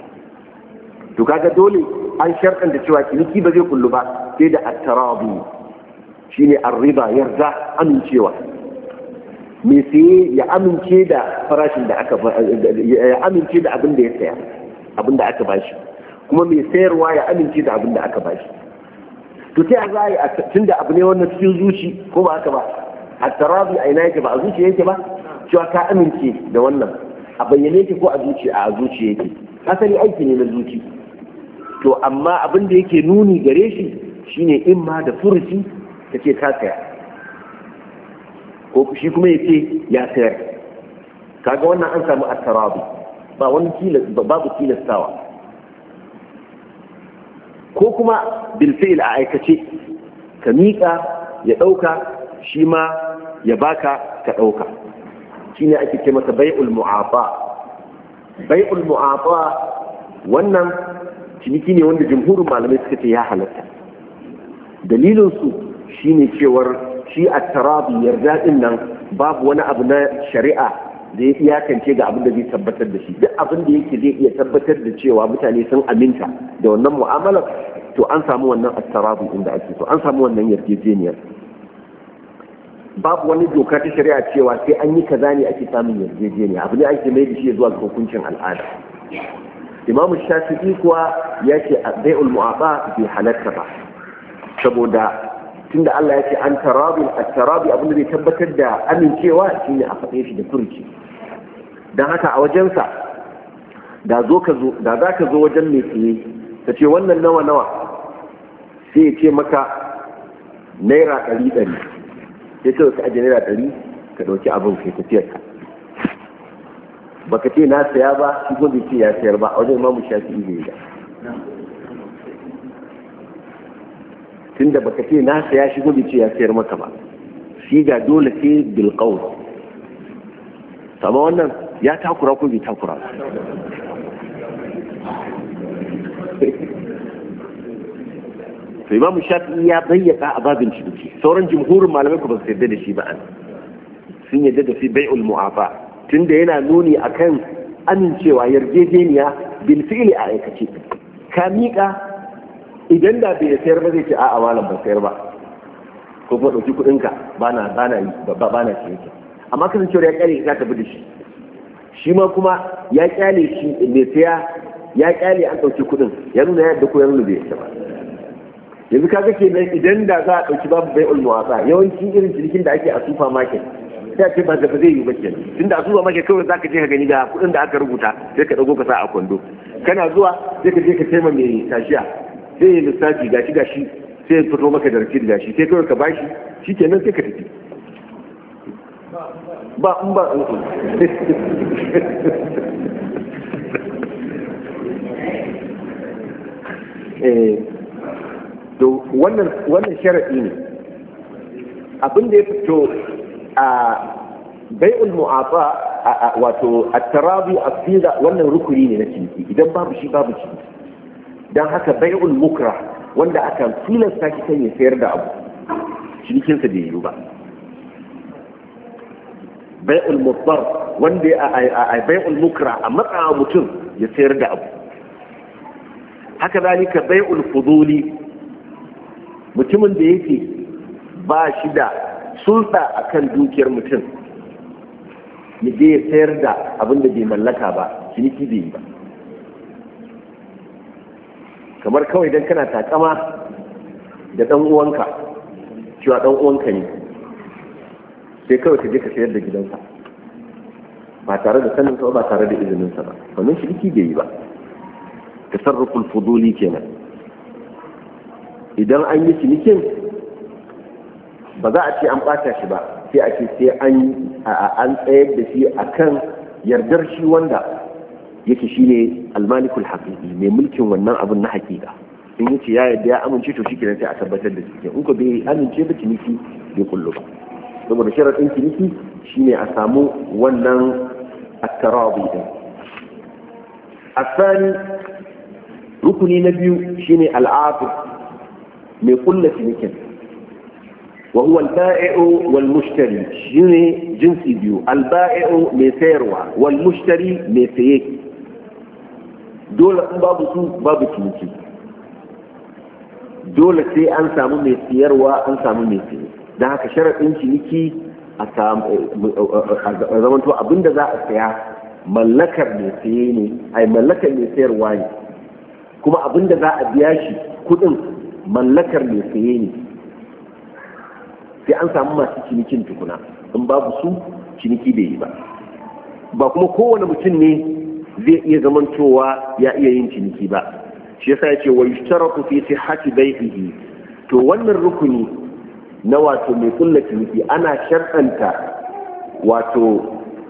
to kaga dole an sharɗan da cewa ciniki ba zai kullu ba sai da attarabi shine arriba yarda amincewa me sai ya amince da farashin da aka ya amince da abin da ya saya abin da aka bashi kuma mai sayarwa ya amince da abin da aka bashi to sai za a yi tunda abu ne wannan cikin zuci ko ba haka ba tarabi a ina yake ba a zuciya yake ba cewa ka amince da wannan a bayyane yake ko a zuciya a zuciya yake asali aiki ne na zuci to amma abin da yake nuni gare shi shine in ma da furuci ta ce ta saya ko shi kuma ya ce ya sayar kaga wannan an samu attarabi ba wani babu tilastawa ko kuma bilfil a aikace ka miƙa ya ɗauka shi ma ya baka ka ɗauka shi ne ake ce masa bai'ul mu'afa bai'ul mu'afa wannan ciniki ne wanda jamhurin malamai suka ce ya halatta dalilin su shine cewar shi a tarabi yarda din nan babu wani abu na shari'a da ya iyakance ga abin da zai tabbatar da shi duk abin da yake zai iya tabbatar da cewa mutane sun aminta da wannan mu'amala to an samu wannan attarabu inda ake to an samu wannan yarjejeniyar babu wani doka ta shari'a cewa sai an yi kaza ne ake samun yarjejeniya abu ne ake mai da shi zuwa hukuncin al'ada imamu shafi'i kuwa ya ce bai'ul mu'aba bai halatta ba saboda tunda Allah ya ce an tarabi at-tarabi abinda zai tabbatar da amincewa shine a faɗe shi da turki dan haka a wajensa da zo ka zo da za ka zo wajen mai tsaye ka ce wannan nawa nawa sai ya ce maka naira ɗari ɗari sai ka ɗauki naira ɗari ka ɗauki abin kai tafiyarka baka ce na saya ba shi ko bai ce ya sayar ba a wajen mamu shafi ne da tunda baka ce na saya shi ko bai ce ya sayar maka ba shi ga dole ce bilkau sama wannan ya takura ko bai takura Sai mamu shafi ya bayyana a babin ciniki sauran jimhurin malamai ku ba su yadda da shi ba an sun yarda da fi bai'ul mu'afa tunda yana nuni akan amincewa yarjejeniya bin fi'li a aikace ka miƙa idan da bai sayar ba zai ce a'a malam ba sayar ba ko kuma ɗauki kuɗin ka bana bana yi babba bana ce yake amma kasancewar ya kyale za ta bi da shi shi ma kuma ya kyale shi mai saya ya kyale an ɗauki kuɗin ya nuna ya yadda ko ya bai ba yanzu kaga kenan idan da za a ɗauki babu bai'ul muwasa yawanci irin cinikin da ake a supermarket ya ce ba da ba zai yi ba kenan tunda a zuwa maka kawai zaka je ka gani da kuɗin da aka rubuta sai ka dago ka sa a kwando kana zuwa sai ka je ka taima mai tashiya sai ya lissafi gashi gashi sai ya fito maka da rikid gashi sai kawai ka bashi shi ke nan sai ka tafi ba in ba eh to wannan wannan sharadi ne abin da ya fito a bai'ul mu'afa wato at-tarabi as-sira wannan rukuni ne na ciniki idan babu shi babu ciniki Don haka bai'ul mukra wanda aka tilasta shi kan ya sayar da abu cinikin sa bai yiwu ba bai'ul mudar wanda a bai'ul mukra a matsawa mutum ya sayar da abu haka zalika bai'ul fuduli mutumin da yake ba shi da sulɗa a kan dukiyar mutum ya je ya sayar da abin da bai mallaka ba ciniki bai yi ba kamar kawai don kana takama da ɗan uwanka cewa ɗan uwanka ne sai kawai ka je ka sayar da gidansa ba tare da sanin ba tare da izininsa ba wannan shiriki bai yi ba tasarruful fuduli kenan idan an yi cinikin ba za a ce an ɓata shi ba sai a ce sai an tsayar da shi a kan yardar shi wanda yake shi ne almalikul haƙiƙi mai mulkin wannan abin na haƙiƙa in yace ya yarda ya amince to shikenan sai a tabbatar da shi in ko bai amince ba ciniki bai kullu ba saboda sharaɗin ciniki shine a samu wannan at-tarabi din asani rukuni na biyu shine al-aqd mai kullu cinikin wa huwa al-ba'i'u shine jinsi biyu al-ba'i'u mai sayarwa wal mai saye dole babu su babu ciniki dole sai an samu mai siyarwa an samu mai saye don haka sharaɗin ciniki a zamanto abinda za a saya mallakar mai saye ne ai mallakar mai sayarwa ne kuma abinda za a biya shi kuɗin mallakar mai ne sai an samu masu cinikin tukuna in babu su ciniki bai yi ba ba kuma kowane mutum ne zai iya zamantowa ya iya yin ciniki ba shi yasa yace wa yushtaratu fi sihhati bai'ihi to wannan rukuni na wato mai kulla ciniki ana sharɗanta wato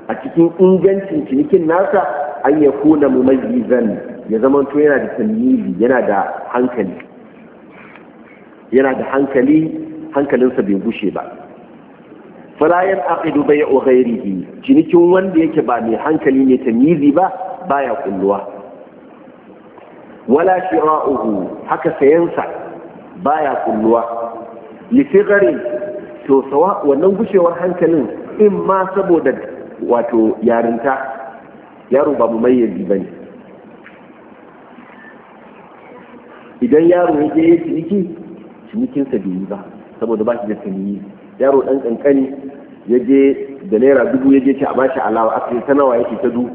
a cikin ingancin cinikin nasa an ya kuna mumayyizan ya zamanto yana da tamyizi yana da hankali yana da hankali hankalinsa bai gushe ba falayan aqidu bai'u ghairihi cinikin wanda yake ba mai hankali ne ta mizi ba baya kulluwa wala shira'uhu haka sayansa baya kulluwa li sosawa to sawa wannan gushewar hankalin in ma saboda wato yarinta yaro ba mu mayyazi ne. idan yaro ya je ciniki cinikinsa bai yi ba saboda ba shi da taniyi yaro dan kankani ya je da naira dubu ya je ce a ba shi alawa aka yi sanawa yake ta du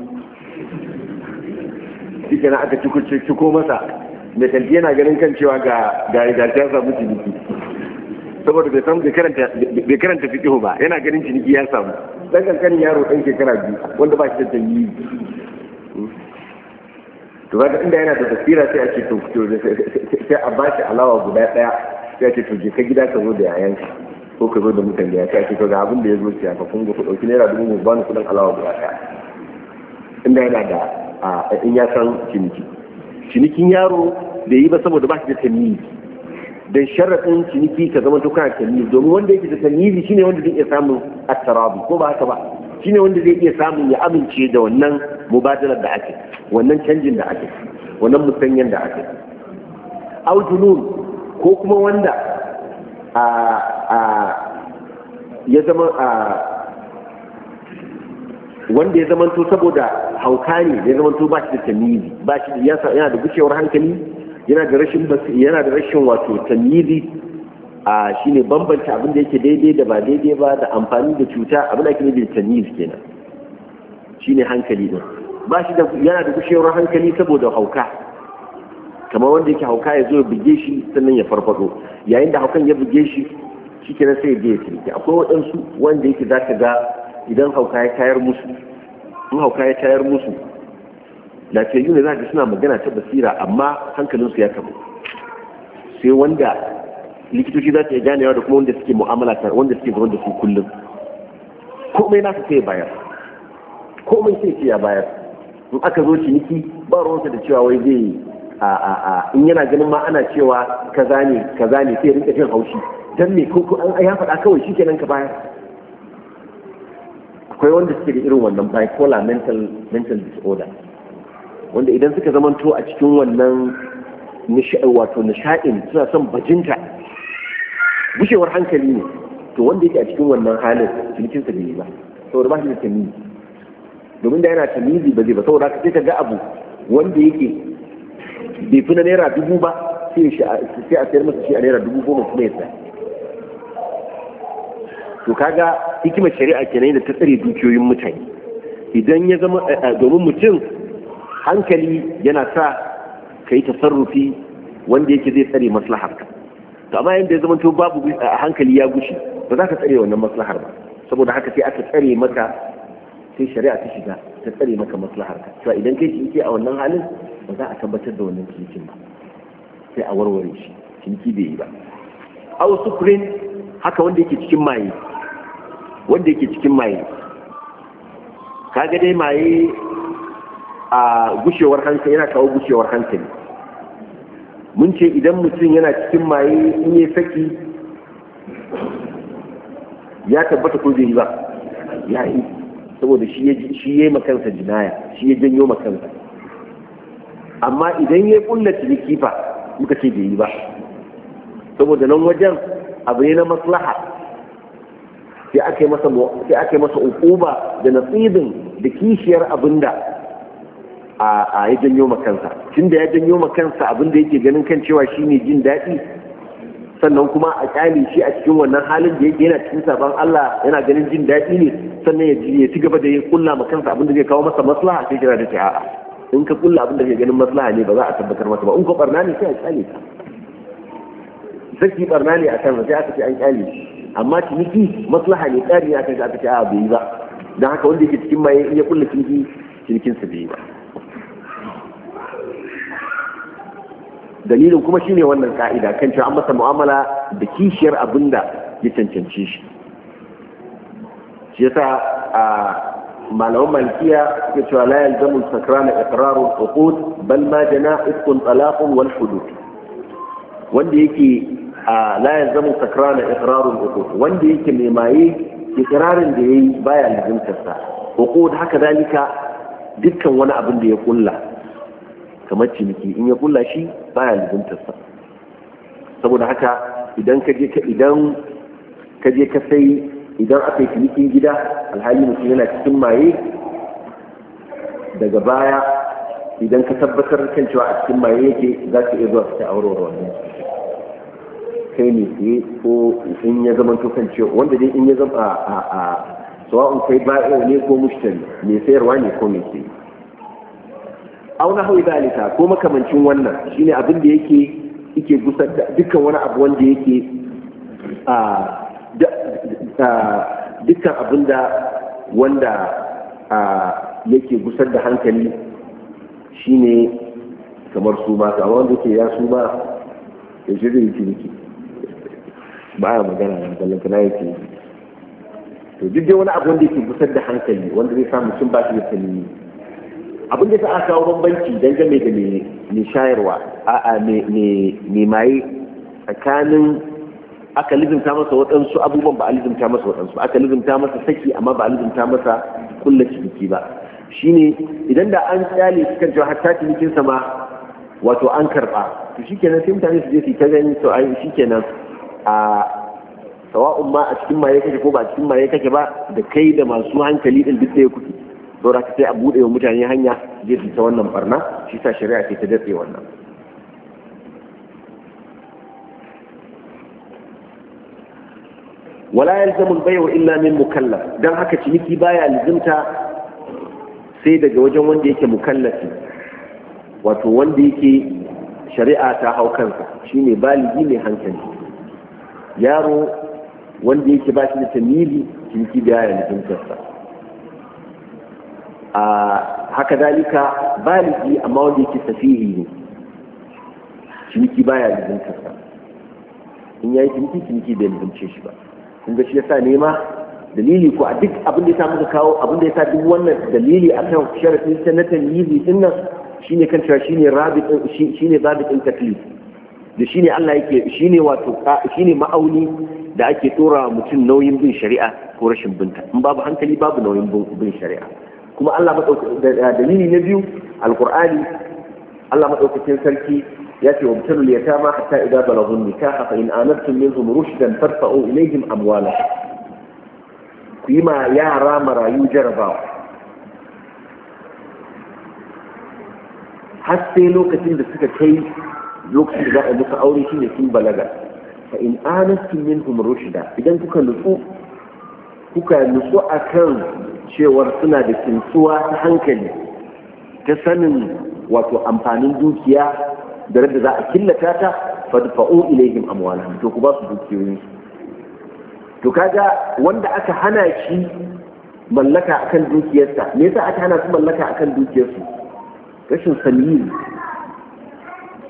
shi na aka ciko masa mai kanti yana ganin kan cewa ga ga ga ya samu ciniki saboda bai samu karanta bai karanta fiqh ba yana ganin ciniki ya samu dan kankani yaro dan shekara biyu wanda ba shi da taniyi to ga inda yana da tafsira sai a ce to sai a ba shi alawa guda daya sai ce to je ka gida ka zo da yayan ka ko ka zo da da ya ce ake ga abin da ya zo ce ka kun ku dauki naira dubu mu ba ni kudin alawa guda daya inda yana da in ya san ciniki cinikin yaro da yi ba saboda ba shi da tamyiz dan sharaɗin ciniki ka zama tuka tamyiz domin wanda yake da tamyiz shine wanda zai iya samun at-tarabi ko ba haka ba shine wanda zai iya samun ya amince da wannan mubadalar da ake wannan canjin da ake wannan musanyen da ake aw junun ko kuma wanda a a ya zama a wanda ya zama to saboda hauka ne ya zama to ba shi da tamizi ba shi yana da gushewar hankali yana da rashin yana da rashin wato tamizi a shine bambanta abin da yake daidai da ba daidai ba da amfani da cuta abin da ake nufi da tamiz kenan shine hankali din ba shi da yana da gushewar hankali saboda hauka kamar wanda yake hauka ya zo ya buge shi sannan ya farfado yayin da haukan ya buge shi shi kenan sai ya je ya ciniki akwai waɗansu wanda yake za ka ga idan hauka ya tayar musu in hauka ya tayar musu lafiyayyu ne za ka suna magana ta basira amma hankalinsu ya kamu sai wanda likitoci za su iya ganewa da kuma wanda suke mu'amala ta wanda suke zama da su kullum komai na su sai bayar komai sai ya bayar in aka zo ciniki ba ruwansa da cewa wai zai in yana ganin ma ana cewa kaza ne kaza ne sai rinka jin haushi dan me ko an ya faɗa kawai shikenan ka bayar akwai wanda suke da irin wannan bipolar mental mental disorder wanda idan suka zamanto a cikin wannan wato nisha'in suna son bajinta gushewar hankali ne to wanda yake a cikin wannan halin cinikinsa bai yi ba saboda ba shi da tamizi domin da yana tamizi ba zai ba saboda sai ka ga abu wanda yake bai fi na naira dubu ba sai a sayar masa shi a naira dubu goma kuma ya to kaga hikimar shari'a kenan da ta tsare dukiyoyin mutane idan ya zama eh, eh, domin mutum hankali yana sa ka yi tasarrufi wanda yake zai tsare maslahar ka to amma yadda ya zama to babu eh, hankali ya gushi ba za ka tsare wannan maslahar ba saboda haka sai aka tsare maka sai shari'a ta shiga ta tsare maka maslahar ka cewa idan kai ciniki a wannan halin ba za a tabbatar da wannan cinikin ba sai a warware shi ciniki bai yi ba aw sukrin haka wanda yake cikin maye wanda yake cikin maye kaga dai maye a gushewar hankali yana kawo gushewar hankali mun ce idan mutum yana cikin maye in ya saki ya tabbata ko zai yi ba ya yi saboda shi ya yi makansa jinaya shi ya janyo makansa amma idan ya kulla ciniki kifa muka ce bai yi ba saboda nan wajen abu ne na maslaha sai aka masa ukuba da nasibin da kishiyar abinda a a ya janyo makansa da ya janyo makansa abinda yake ganin kan cewa shine jin daɗi sannan kuma a kyale shi a cikin wannan halin da yake yana cikin sabon Allah yana ganin jin daɗi ne sannan ya ci gaba da ya kulla ma kansa abin da zai kawo masa maslaha sai kira da ce a'a in ka kulla abin da ke ganin maslaha ne ba za a tabbatar masa ba in ko barna ne sai a kyale ka zaki barna ne a kan sai aka ce an kyale amma ciniki maslaha ne tsari ya kai aka ce a'a bai yi ba dan haka wanda yake cikin maye in ya kulla ciniki cinikin sa bai yi ba dalilin kuma shine wannan ka'ida kan cewa an masa mu'amala da kishiyar abinda ya cancanci shi shi yasa a malaman malkiya suke cewa la yalzamu sakran iqraru uqud bal ma jana ifkun talaqun wal hudud wanda yake la yalzamu sakran iqraru uqud wanda yake mai maye iqrarin da yayi baya lazimtar sa uqud haka zalika dukkan wani abin da ya kulla kamar ciniki in ya kulla shi baya lazimtar sa saboda haka idan ka je ka idan ka je ka sai idan aka yi cinikin gida alhali mutum yana cikin maye daga baya idan ka tabbatar kan cewa a cikin maye yake za ka iya zuwa fita auren wannan kai ne sai ko in ya zama to kan cewa wanda dai in ya zama a a a kai ba'a ne ko mushtari mai sayarwa ne ko mai sayi auna hau dalika ko makamancin wannan shine abin da yake yake gusar da dukkan wani abu wanda yake a dukkan abin da wanda yake gusar da hankali shine kamar su ma ta wanda ke ya su ma ya yi zai ciniki ba a magana na ka na yake to duk dai wani abu da yake gusar da hankali wanda zai samu sun ba shi da sanyi abin da ta kawo bambanci dangane da mai shayarwa a'a mai maye tsakanin aka lizimta masa waɗansu abubuwan ba a lizimta masa waɗansu aka lizimta masa saki amma ba a lizimta masa kulla ciniki ba shine idan da an tsale shi kan cewa hatta cinikin sa ma wato an karba to shikenan sai mutane su je su ta gani to ai shikenan a sawa'un ma a cikin maye kake ko ba a cikin maye kake ba da kai da masu hankali din duk ɗaya kuke saboda sai a buɗe wa mutane hanya je su ta wannan barna shi sa shari'a ce ta datse wannan wala yalzamu al-bay'u illa min mukallaf dan haka ciniki baya lazimta sai daga wajen wanda yake mukallafi wato wanda yake shari'a ta hau kansa shine baligi mai hankali yaro wanda yake ba shi da tamili ciniki baya lazimtarsa a haka dalika baligi amma wanda yake safihi ne ciniki baya lazimtarsa in yayi ciniki ciniki bai lazimce shi ba kun ga shi yasa nema dalili ko a duk abin da ya muka kawo abin da ya sa duk wannan dalili a kan ta na tamyizi din nan ne kan cewa shine rabitin shine zabitin taklif da shi ne Allah yake ne wato shi ne ma'auni da ake tura mutum nauyin bin shari'a ko rashin binta in babu hankali babu nauyin bin shari'a kuma Allah madaukakin dalili na biyu alqur'ani Allah madaukakin sarki ياتي وابتلوا اليتامى حتى اذا بلغوا النكاح فان انبتم منهم رشدا فادفعوا اليهم اموالهم فيما يارى مرايو جرباوا har sai lokacin da suka kai lokacin da za a muka aure shi ne sun balaga fa in anastu minhum rushda idan kuka nutsu kuka nutsu akan cewar suna da kintsuwa ta hankali ta sanin wato amfanin dukiya da randa za a killata ta fadfa'u ilaihim amwalahum to ku ba su dukiyoyin to kaga wanda aka hana shi mallaka akan dukiyarsa me yasa aka hana su mallaka akan dukiyarsu rashin saniyi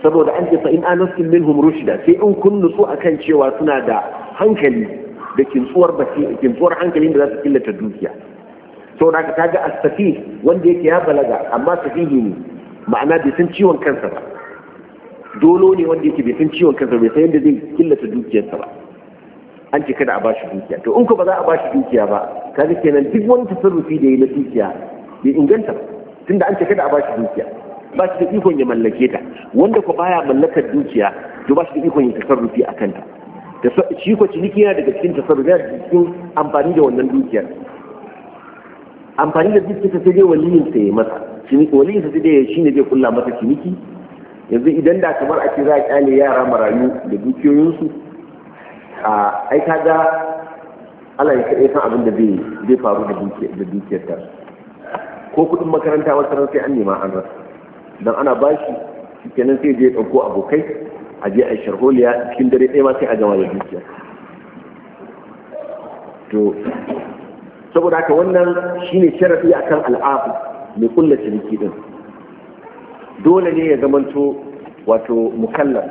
saboda an ce fa in anastum minhum rushda sai in kun nutsu akan cewa suna da hankali da kintsuwar basi kintsuwar hankali da za su killata dukiya da ka kaga as-safi wanda yake ya balaga amma safihi ne ma'ana bai san ciwon kansa ba dolo ne wanda yake bai san ciwon kansa bai san yadda zai killata dukiyarsa ba an ce kada a bashi dukiya to in ko ba za a bashi dukiya ba kaga kenan duk wani tasarrufi da ya na dukiya bai inganta tunda an ce kada a bashi dukiya ba shi da ikon ya mallake ta wanda ko baya mallakar dukiya to ba shi da ikon ya tasarrufi a kanta Da shi ko ciniki yana daga cikin tasarrufi yana daga cikin amfani da wannan dukiyar amfani da dukiyar sai dai waliyin sa ya masa ciniki waliyin sa sai dai shine zai kula masa ciniki yanzu idan da kamar ake ce za a kyale yara marayu da dukiyoyinsu a ai kaga Allah ya kaɗai san abin da zai faru da dukiyar ta ko kuɗin makaranta wata ran sai an nema an rasa dan ana bashi kenan sai je ɗauko abokai a je a sharholiya cikin dare ɗaya ma sai a gama da dukiyar to saboda haka wannan shine sharafi akan al'afu mai kullace ciniki din dole ne ya zamanto wato mukallaf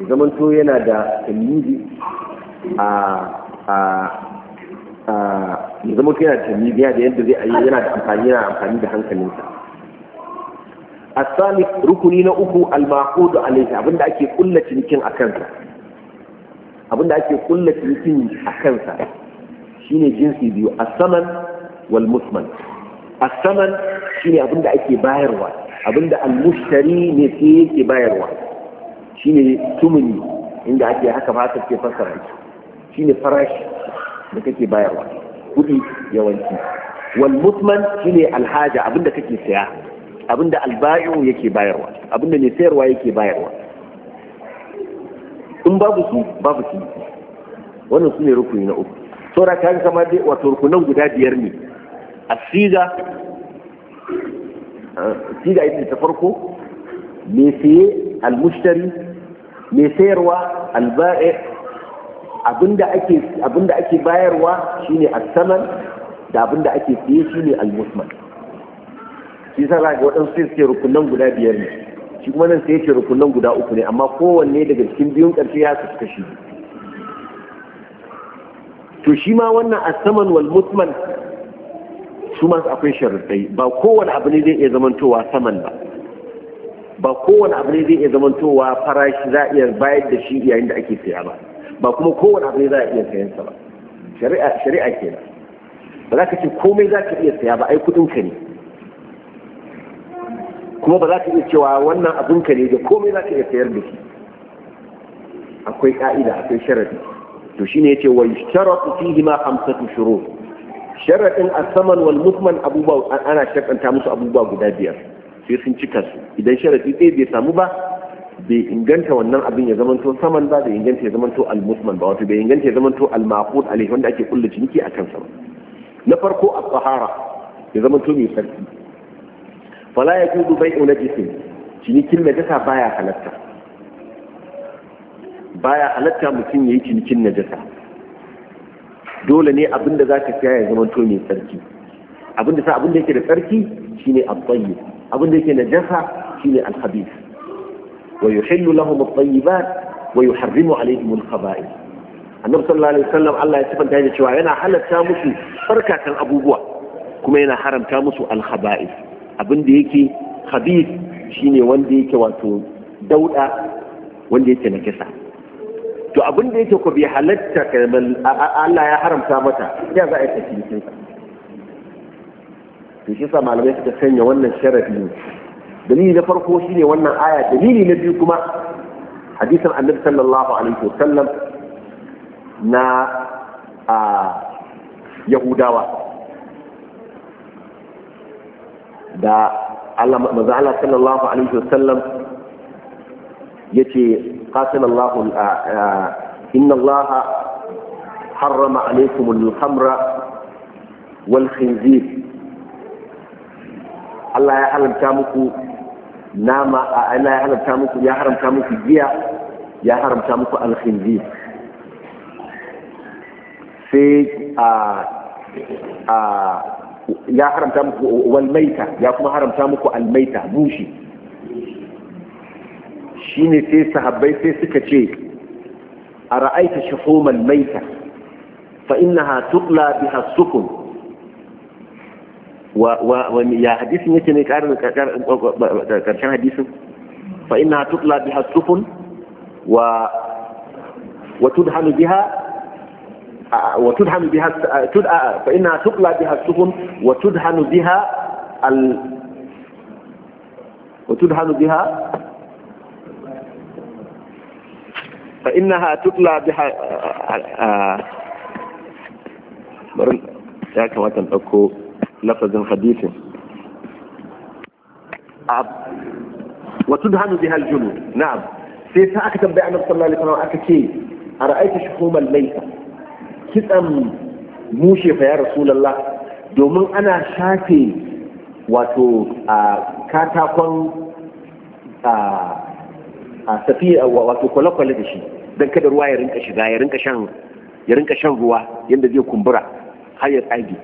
ya zamanto yana da tamizi a ya zama yana da tamizi da yadda zai ayi yana da amfani yana amfani da hankalinsa asali rukuni na uku almahudu alaihi abinda ake kulla cinikin a kansa abinda ake kulla cinikin a kansa shine jinsi biyu asaman wal musman asaman shine abinda ake bayarwa abinda al-mushtari ne sai yake bayarwa shine tumuni inda ake haka ba haka ke fassara shi shine farashi da kake bayarwa kudi yawanci wal mutman shine alhaja abinda kake saya abinda albayu yake bayarwa abinda ne sayarwa yake bayarwa in babu su babu su wannan su ne rukuni na uku saura ta yi kama dai wato rukunan guda biyar ne asiga siga ita ta farko mai siye almushtari mai sayarwa alba'i abinda ake abinda ake bayarwa shine as-saman da abinda ake siye shine al-musman shi sa ga waɗansu sai suke rukunan guda biyar ne shi kuma nan sai yake rukunan guda uku ne amma kowanne daga cikin biyun karshe ya su kashi to shi ma wannan Asaman wal musman su masu akwai sharuɗai ba kowane abu ne zai iya zamantowa saman ba ba kowane abu ne zai iya zamantowa farashi za a iya bayar da shi yayin da ake saya ba ba kuma kowane abu ne za a iya sayan sa ba shari'a shari'a kenan ba za ka ce komai za ka iya saya ba ai kudin ka ne kuma ba za ka iya cewa wannan abun ka ne da komai za ka iya sayar da shi akwai ka'ida akwai sharadi to shine yace wa yushtaratu fihi ma khamsatu shurut sharaɗin saman wal musman abubuwa ana shakanta musu abubuwa guda biyar sai sun cika su idan sharaɗi ɗaya bai samu ba bai inganta wannan abin ya zamanto saman ba bai inganta ya zamanto al musman ba wato bai inganta ya zamanto al maqud alaihi wanda ake kulle ciniki a kansa ba na farko a tsahara ya zamanto mai sarki fala ya kudu bai na jisin cinikin najasa baya halatta baya halatta mutum ya yi cinikin najasa dole ne abinda za ka siya ya zama to mai tsarki abinda sa abinda yake da tsarki shine at abinda yake najasa shine al-khabith wa yuhillu lahum at-tayyibat wa yuharrimu alayhim al-khaba'ith annabi sallallahu alaihi wasallam Allah ya sifanta da cewa yana halatta musu farkatan abubuwa kuma yana haramta musu al-khaba'ith abinda yake khabith shine wanda yake wato dauda wanda yake najasa to abin da yake ku bai halatta Allah ya haramta mata ya za a yi cikin to shi sa malamai suka sanya wannan sharadi ne dalili na farko shine wannan aya dalili na biyu kuma hadisin annabi sallallahu alaihi wasallam na a yahudawa da Allah manzo Allah sallallahu alaihi wasallam yace qatalallahu uh, uh, inna allaha harrama alaykum al-khamra wal khinzir Allah ya haramta muku nama uh, Allah ya haramta muku ya haramta muku giya ya haramta muku al khinzir sai a ya haramta muku wal ya kuma haramta muku al bushi shine sai sahabbai sai suka ce a ra'aita shuhumal maita fa innaha tuqla biha sukun wa wa ya hadisin yake ne karin karshen hadisin fa innaha tuqla biha sukun wa wa tudhanu biha وتدهن بها فإنها تقلى بها السفن وتدهن بها ال وتدهن بها فإنها تطلع بها يا كما تنقو لفظ خديث وتدهن بها الجنود نعم سيسا أكتب بأن صلى الله عليه وسلم أكتب أرأيت شحوم الميتة كتم موشف يا رسول الله domin ana shafe wato a a safi wato kwale-kwale da shi don kada ruwa ya rinka shiga ya rinka shan ya rinka shan ruwa yadda zai kumbura har ya tsage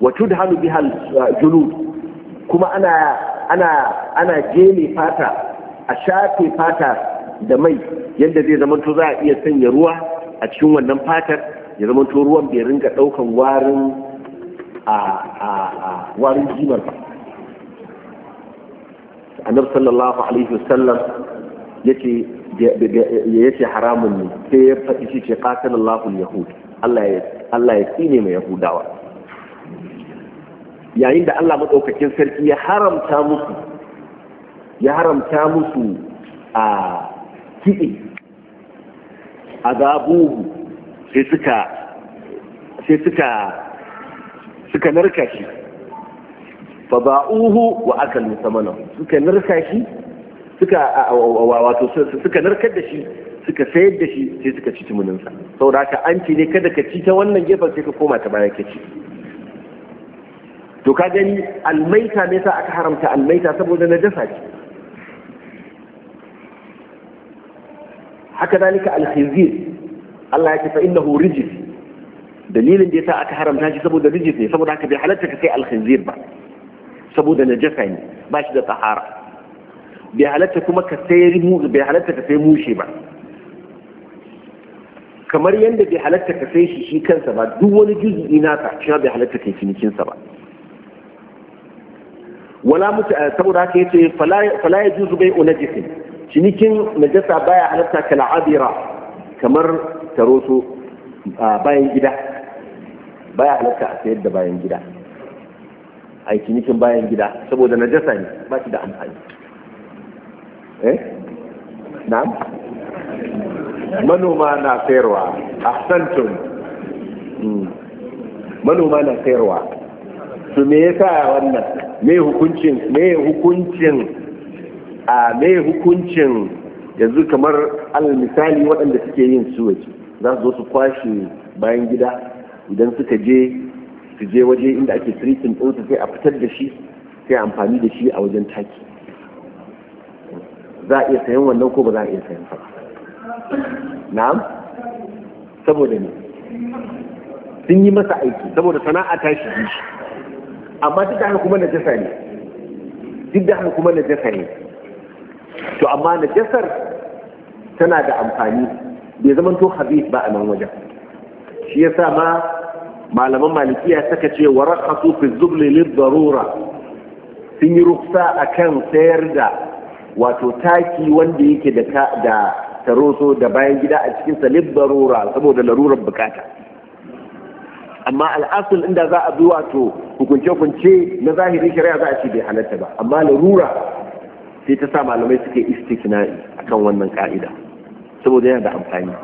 wato da hannu bihal julu kuma ana ana ana jele fata a shafe fata da mai yadda zai to za a iya sanya ruwa a cikin wannan fatar ya to ruwan bai rinka daukan warin a warin jimar ba annabi sallallahu alaihi wasallam yake yace haramun ne sai ya faɗi shi ce qatalallahu al-yahud Allah ya Allah ya tsine mai yahudawa yayin da Allah madaukakin sarki ya haramta musu ya haramta musu a kiɗi azabuhu sai suka sai suka suka narka shi fa ba'uhu wa akalu samanahu suka narka shi suka wato suka narkar da shi suka sayar da shi sai suka ci tumuninsa saboda haka an ce ne kada ka ci ta wannan gefen sai ka koma ta baya ka ci to ka gani almaita ne sa aka haramta almaita saboda na dasa ce haka zalika alkhizir Allah ya ce fa innahu rijis dalilin da yasa aka haramta shi saboda rijis ne saboda haka bai halatta ka sai alkhizir ba saboda najasa ne ba shi da tsahara bai halatta kuma ka sai bai halatta ka sai mushe ba kamar yadda bai halatta ka sai shi shi kansa ba duk wani juzu'i naka shi bai halatta kai cinikin sa ba wala mutu eh, saboda haka yace fala fala yajuzu bai'u najisin cinikin najasa baya halatta ka abira kamar taroso bayan gida baya halatta a sayar da bayan gida a cinikin bayan gida saboda najasa ne ba shi da amfani Eh? manoma na sayarwa ahsantum hmm. manoma na sayarwa su me yasa wannan me hukuncin me hukuncin a me hukuncin yanzu kamar alal misali waɗanda suke yin suwaji za su zo su kwashe bayan gida idan suka je su je waje inda ake treating ɗinsu sai a fitar da shi sai amfani da shi a wajen taki za a iya sayan wannan ko ba za a iya sayan sa na'am saboda ne sun yi masa aiki saboda sana'a ta shi shi amma duk da haka kuma jasa ne duk da haka kuma jasa ne to amma na jasar tana da amfani bai zama to Habib ba a nan wajen shi ya sa ma malaman malikiya suka ce wa raqasu fi zubli lid darura sun yi ruksa akan sayar da wato taki wanda yake da da taroso da bayan gida a cikin sa libbarura saboda larurar bukata amma al'asul inda za a bi wato hukunce-hukunce na zahiri shari'a za a ce bai halatta ba amma larura sai ta sa malamai suke istikna'i akan wannan ka'ida saboda yana da amfani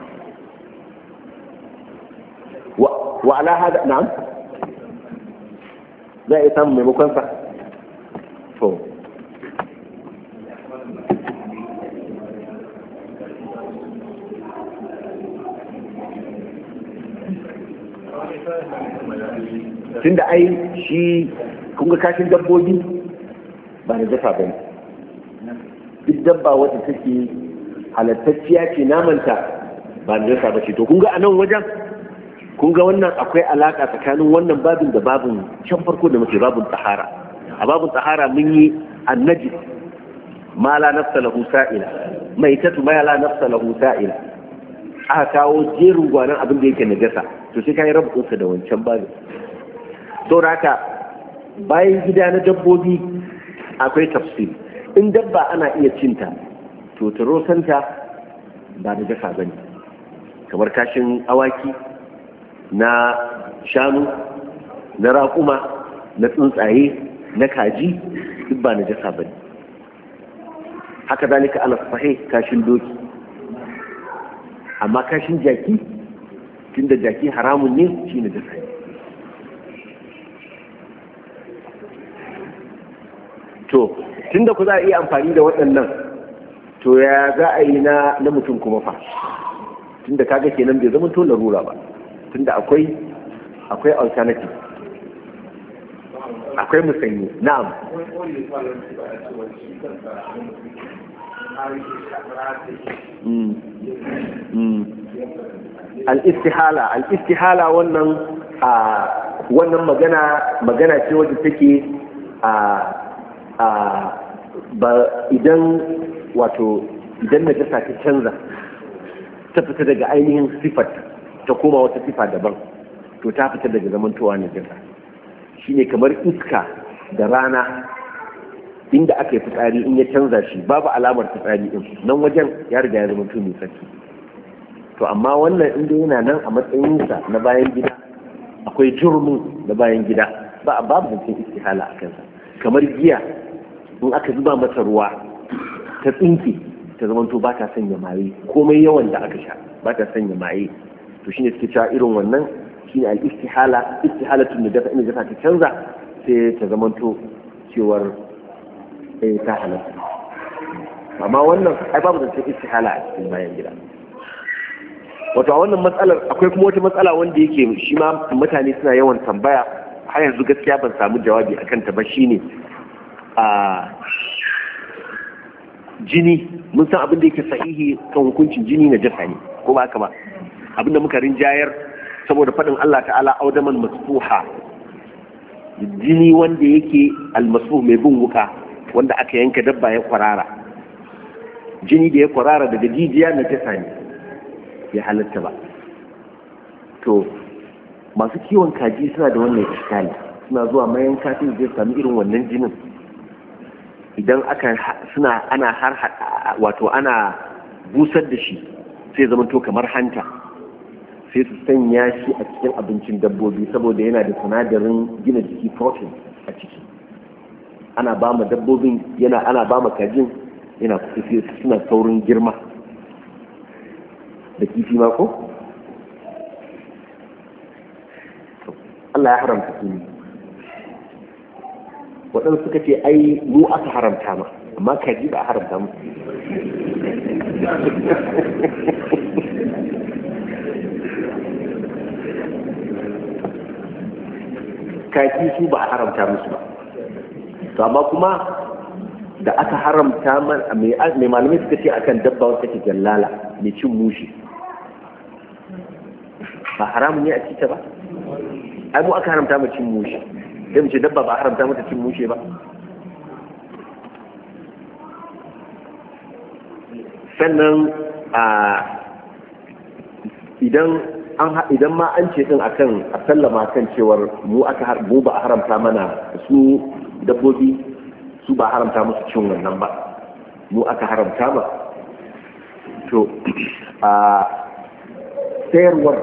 wa ala hada na'am za a yi samun maimakon sa Tun da ai shi kun ga kashin dabbobi ba da ba ne. duk dabba wata take halattacciya ce namanta ba da dafa ba ce to kun ga a nan wajen kun ga wannan akwai alaka tsakanin wannan babin da babin can farko da muke babin tsahara a babin tsahara mun yi annaji ma la nafsa lahu sa'ila mai tatu ma la nafsa lahu sa'ila aka kawo jerin gwanan abin da yake najasa to sai ka yi rabbinsa da wancan bani to raka bayan gida na dabbobi akwai tafsiri in dabba ana iya cinta to ta rosanta ba da jasa bane kamar kashin awaki na shanu na raƙuma na tsuntsaye na kaji duk ba na jasa bane haka zalika ala sahih kashin doki amma kashin jaki tunda jaki haramun ne shi ne da sani to tunda ku za a iya amfani da waɗannan to ya za a yi na mutum kuma fa tunda kaga kenan bai zama to larura ba tunda akwai akwai alternative akwai musanyi na'am Mm. Mm. al-istihala al-istihala wannan wannan magana magana ce wadda take a ba idan wato idan ta canza ta fita daga ainihin sifat ta koma wata sifa daban to ta fita daga zamantowa najasa shine kamar iska da rana inda aka yi fitsari in ya canza shi babu alamar fitsari din nan wajen ya riga ya zama tuni sarki to amma wannan inda yana nan a matsayinsa na bayan gida akwai jurmu na bayan gida ba a babu zancen istihala a kansa kamar giya in aka zuba masa ruwa ta tsinke ta zamanto ba ta sanya maye komai yawan da aka sha ba ta sanya maye to shine suke cewa irin wannan shine al istihala istihalatu da dafa inda ta canza sai ta to cewar sai ta halatta amma wannan ai babu zancen istihala a cikin bayan gida wato a wannan matsalar akwai kuma wata matsala wanda yake shi ma mutane suna yawan tambaya har yanzu gaskiya ban samu jawabi akan ta ba shine a jini mun san abin da yake sahihi kan hukuncin jini na jasa ne ko ba haka ba abin da muka rinjayar saboda faɗin Allah ta'ala audaman masfuha jini wanda yake almasu mai bin wuka wanda aka yanka dabba ya kwarara jini da ya kwarara daga jijiya na tasa ne ya halatta ba to masu kiwon kaji suna da wannan iskali suna zuwa mayan kafin zai sami irin wannan jinin idan aka suna ana har wato ana busar da shi sai zama to kamar hanta sai su sanya shi a cikin abincin dabbobi saboda yana da sinadarin gina jiki protein a ciki ana ba mu dabbobin yana ana ba mu kajin yana suna saurin girma da kifi ma ko Allah ya haramta su ne waɗansu suka ce ai mu aka haramta ma amma kaji ba a haramta mu kaki su ba a haramta musu ba to amma kuma da aka haramta mai malamai suka ce akan dabba wata ke jallala mai cin mushi ba haramun ne a cita ba ai mu aka haramta mai cin mushi sai mu ce dabba ba haramta mata cin mushi ba sannan a idan an idan ma an ce din akan a sallama kan cewar mu aka mu ba a haramta mana su dabbobi su ba haramta musu cin wannan ba mu aka haramta ba to a sayarwar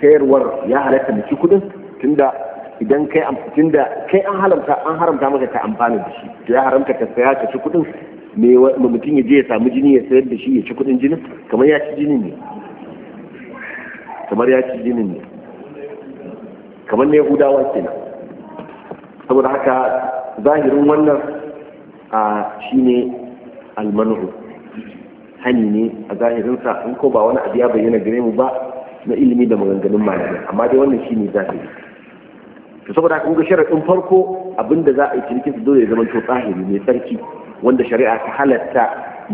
sayarwar ya halatta da shi kudin tunda idan kai tunda kai an haramta an haramta maka ta amfani da shi to ya haramta ka saya ka ci kudin me mutum ya je ya samu jini ya sayar da shi ya ci kudin jinin kamar ya ci jinin ne kamar ya ci jinin ne kamar na yahudawa kenan saboda haka zahirin wannan a shine almanu hani ne a zahirinsa in ko ba wani abu ya bayyana gare mu ba na ilimi da maganganun malamai amma dai wannan ne zahiri to saboda haka kuma ga farko farko abinda za a yi cikin su dole ya zama to tsahiri mai tsarki wanda shari'a ta halatta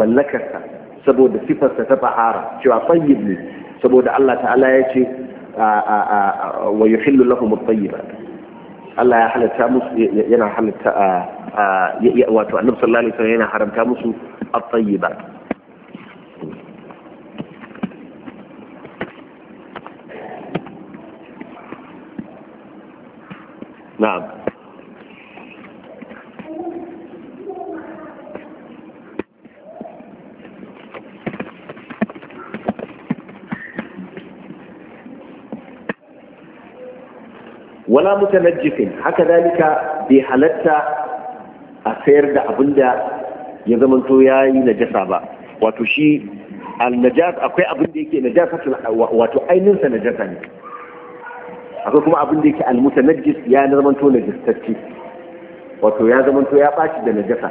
mallakarsa saboda sifarsa ta fahara cewa tsayyib ne saboda Allah ta'ala ya ce wa yuhillu lahum at-tayyibat Allah ya halatta musu yana halatta wato annabi sallallahu alaihi wasallam yana haramta musu at-tayyibat na'am wala mutanajjifin haka dalika bai halatta a sayar da abin da ya zamanto ya yi najasa ba wato shi al-najas akwai abin da yake najasa wato ainihinsa najasa ne akwai kuma abin da yake al-mutanajjis ya zamanto najistacci wato ya zamanto ya ɓaci da najasa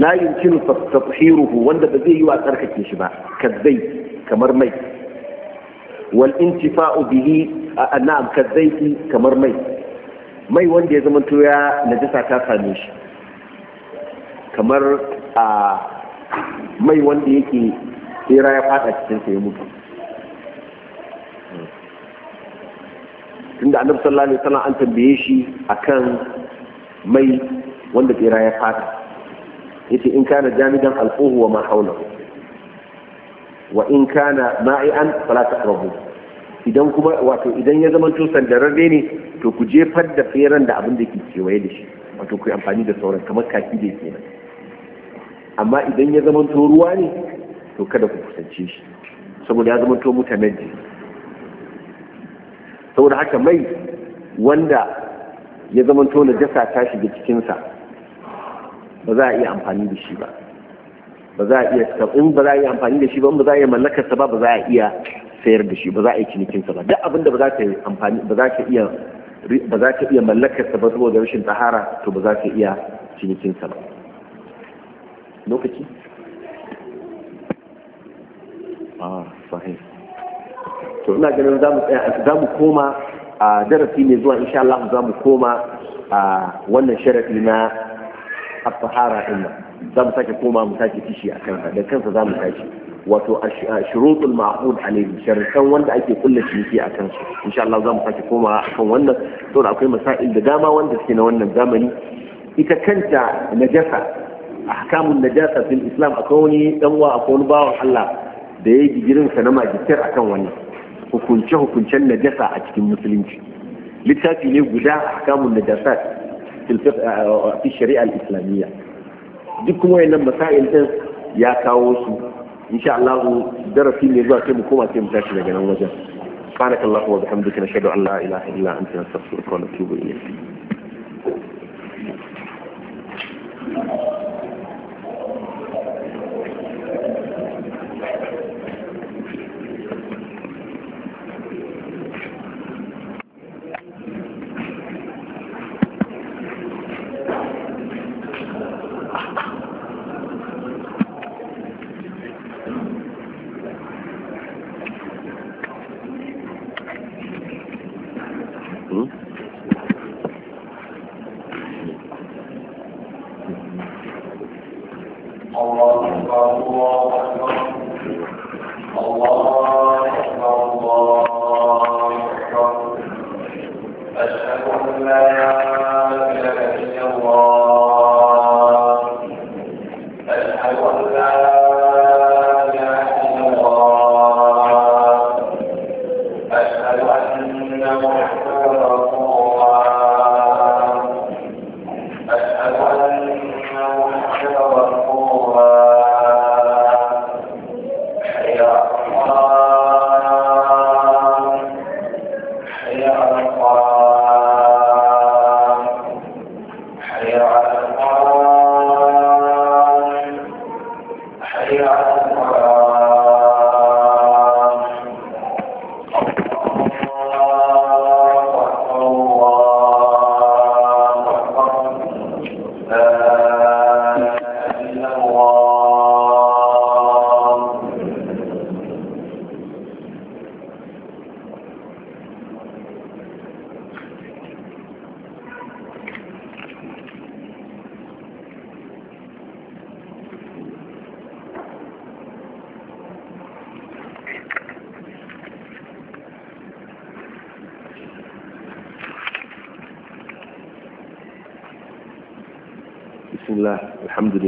la yumkinu tathiruhu wanda ba zai yi wa tsarkake shi ba kazzai kamar mai wal intifa'u bihi na amkar kazzaiki kamar mai mai wanda ya zama ya jisa ta same shi kamar a mai wanda yake tsira ya fada cikin sa ya mutu tunda annabi sallallahu alaihi wasallam an tambaye shi akan mai wanda tsira ya fada yace in kana jamidan alquhu wa ma hawlahu wa in kana ma'ian fala rabu. idan kuma wato idan ya zama to sandararre ne to ku jefar da feran da abin da ke kewaye da shi wato ku amfani da sauran kamar kaki da kenan amma idan ya zama to ruwa ne to kada ku kusance shi saboda ya zama to mutanen saboda haka mai wanda ya zama to na jasa ta shiga cikinsa ba za a iya amfani da shi ba ba za a iya in ba za a iya amfani da shi ba ba za a iya mallakarsa ba ba za a iya sayar da shi ba za a yi cinikinsa ba duk abin da ba za ka amfani ba za ka iya ba za ka iya mallakarsa ba zuwa ga rashin tahara to ba za ka iya cinikinsa ba lokaci ah sahi to ina ganin za mu tsaya za mu koma a darasi mai zuwa insha Allah za mu koma a wannan sharafi na tahara din nan za mu sake koma mu sake tishi akan sa da kansa za mu tashi wato shurutul ma'qud alaihi sharuɗan wanda ake kulla ciniki a kan su insha Allah za mu sake koma akan wannan to da akwai masail da dama wanda suke na wannan zamani ita kanta najasa ahkamun najasa fil islam akwai wani dan wa akwai wani bawan Allah da yayi digirin sa na magister akan wani hukunce hukuncen najasa a cikin musulunci littafi ne guda ahkamun najasat fil shari'a al-islamiyya duk kuma wayannan masail din ya kawo su ان شاء الله درسي اللي جاء كم كوما كم تاكل لنا وجه سبحانك الله وبحمدك نشهد ان لا اله الا انت نستغفرك ونتوب اليك Thank you.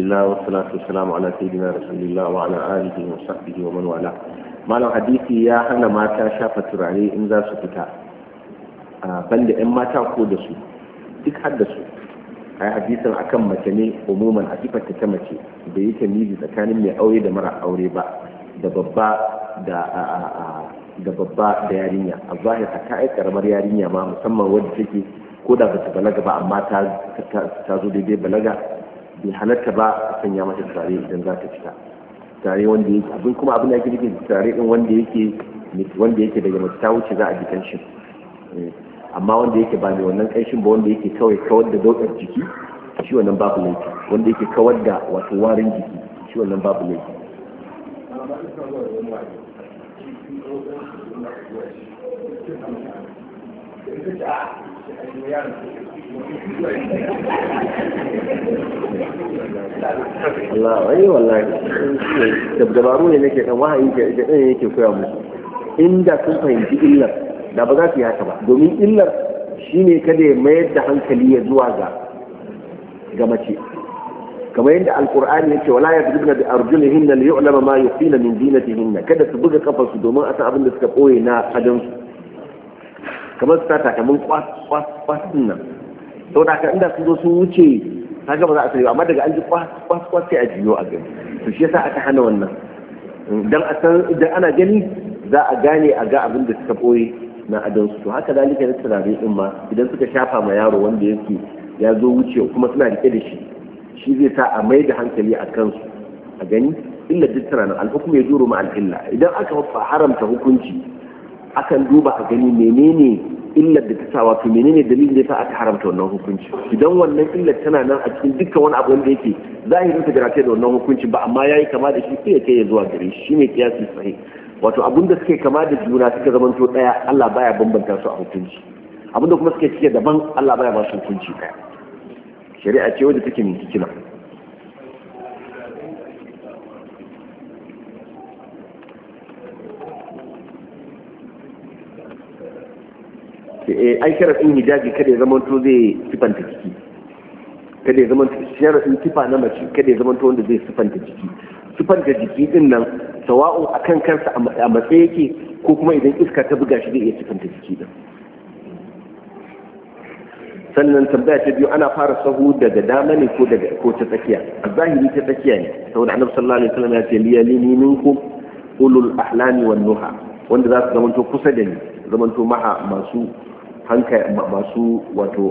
alhamdulillah wa salatu wassalamu ala sayyidina rasulillah wa ala alihi wa sahbihi wa man wala malam hadisi ya hana mata shafa turare in za su fita banda yan mata ko da su duk har da su ai hadisin akan mace ne umuman a sifarta ta mace da yake miji tsakanin mai aure da mara aure ba da babba da da babba da yarinya a zahir hatta ai karamar yarinya ma musamman wadda take ko da ta balaga ba amma ta zo daidai balaga bai halatta ba a sanya mata tare idan za ta fita tare wanda yake abin kuma abin da ake nufi tare din wanda yake wanda yake daga mace ta wuce za a ji shi. amma wanda yake ba mai wannan kanshin ba wanda yake kawai kawar da dokar jiki shi wannan babu laifi wanda yake kawar da wato warin jiki shi wannan babu laifi Thank you. Allah wai wallahi dabdabaru ne nake kan wahayi da ɗaya eh, yake koya musu inda sun fahimci illar da ba za su yi haka ba domin illar shine kada ya mayar da hankali ya zuwa ga ga mace kamar yadda alkur'ani yake wala ya zubna bi arjulihinna li yu'lama ma yuqina min hinna, kada su buga kafarsu domin a san abin da suka boye na su, kamar su ta takamin kwas kwas kwas nan sau da inda sun zo sun wuce ta gaba za a sai amma daga an ji kwas sai a jiyo a gani to shi yasa aka hana wannan dan a san idan ana gani za a gane a ga abin da suka boye na adon su to haka zalika na turare din ma idan suka shafa ma yaro wanda yake ya zo wuce kuma suna rike da shi shi zai sa a mai da hankali a kansu a gani illa duk tunanin alhukum ya juro ma al'illa idan aka haramta hukunci akan duba a gani menene illar da ta sa wato menene dalilin da ya sa aka haramta wannan hukunci idan wannan illar tana nan a cikin dukkan wani abu wanda yake zahirin ta garace da wannan hukunci ba amma yayi kama da shi sai ya kai zuwa gare shi shine kiyasi sahih wato abun da suke kama da juna suka zama to daya Allah baya bambanta su a hukunci abun da kuma suke cike daban Allah baya ba su hukunci daya shari'a ce wadda take mintikina kina. ce eh ai sharadin hijabi kada ya zama to zai sifanta jiki kada ya zama sharadin kifa na mace kada ya zama to wanda zai sifanta jiki sifanta jiki din nan sawa'un akan kansa a matsa yake ko kuma idan iska ta buga shi zai iya sifanta jiki din sannan tambaya ta biyu ana fara sahu daga dama ne ko daga ko ta tsakiya a zahiri ta tsakiya ne saboda annabi sallallahu alaihi wasallam ya ce ni minkum ulul ahlami wan nuha wanda za su zamanto kusa da ni zamanto maha masu masu wato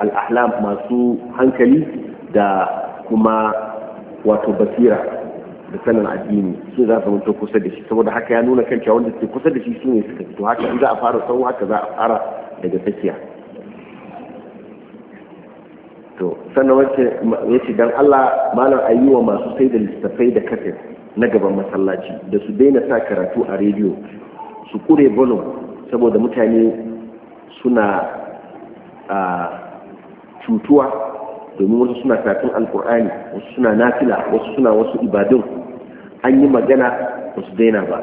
al'ahlam masu hankali da kuma wato basira da sanin addini su za su mutu kusa da shi saboda haka ya nuna kan wanda suke kusa da shi su ne suka fito haka za a fara sau haka za a fara daga tsakiya to sannan wacce ya ce don Allah malam ayyuwa masu sai da littattafai da kafin na gaban masallaci da su daina sa karatu a rediyo su kure bolon saboda mutane suna a cutuwa domin wasu suna karatun alkur'ani wasu suna nafila wasu suna wasu ibadun an yi magana wasu daina ba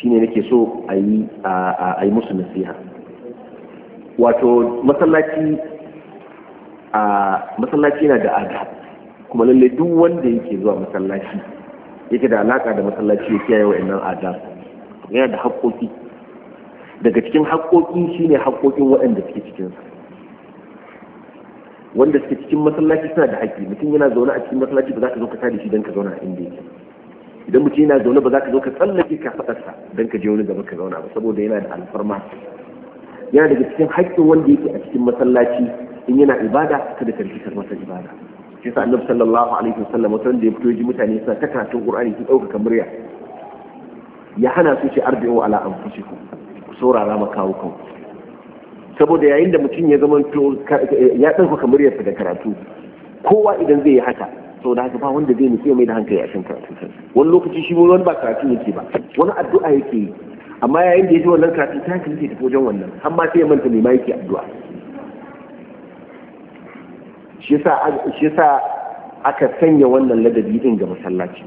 shine nake so a yi musu nasiha wato masallaci a masallaci yana da adab kuma lalle duk wanda yake zuwa masallaci yake da alaka da masallaci ya kiyaye nan adab yana da haƙƙoƙi daga cikin haƙoƙi shine haƙoƙin waɗanda suke cikin wanda suke cikin masallaci suna da haƙƙi mutum yana zaune a cikin masallaci ba za ka zo ka tada shi don ka zauna a inda yake idan mutum yana zaune ba za ka zo ka tsallake ka faɗarsa don ka je wani gaba ka zauna ba saboda yana da alfarma yana daga cikin haƙƙin wanda yake a cikin masallaci in yana ibada kada ka rikitar masa ibada shi yasa annabi sallallahu alaihi wasallam wata da ya fito ji mutane suna ta karatun qur'ani su ɗauka kamar ya hana su ce arbi'u ala anfusikum saurara kawo saboda yayin da mutum ya zama ya ɗauka muryarsa da karatu kowa idan zai yi haka sau da haka ba wanda zai nufi mai da hankali a cikin karatu wani lokaci shi wani ba karatu yake ba wani addu'a yake yi amma yayin da ya ji wannan karatu ta hankali zai tafi wajen wannan amma sai ya manta mai ma yake addu'a shi yasa aka sanya wannan ladabi din ga masallaci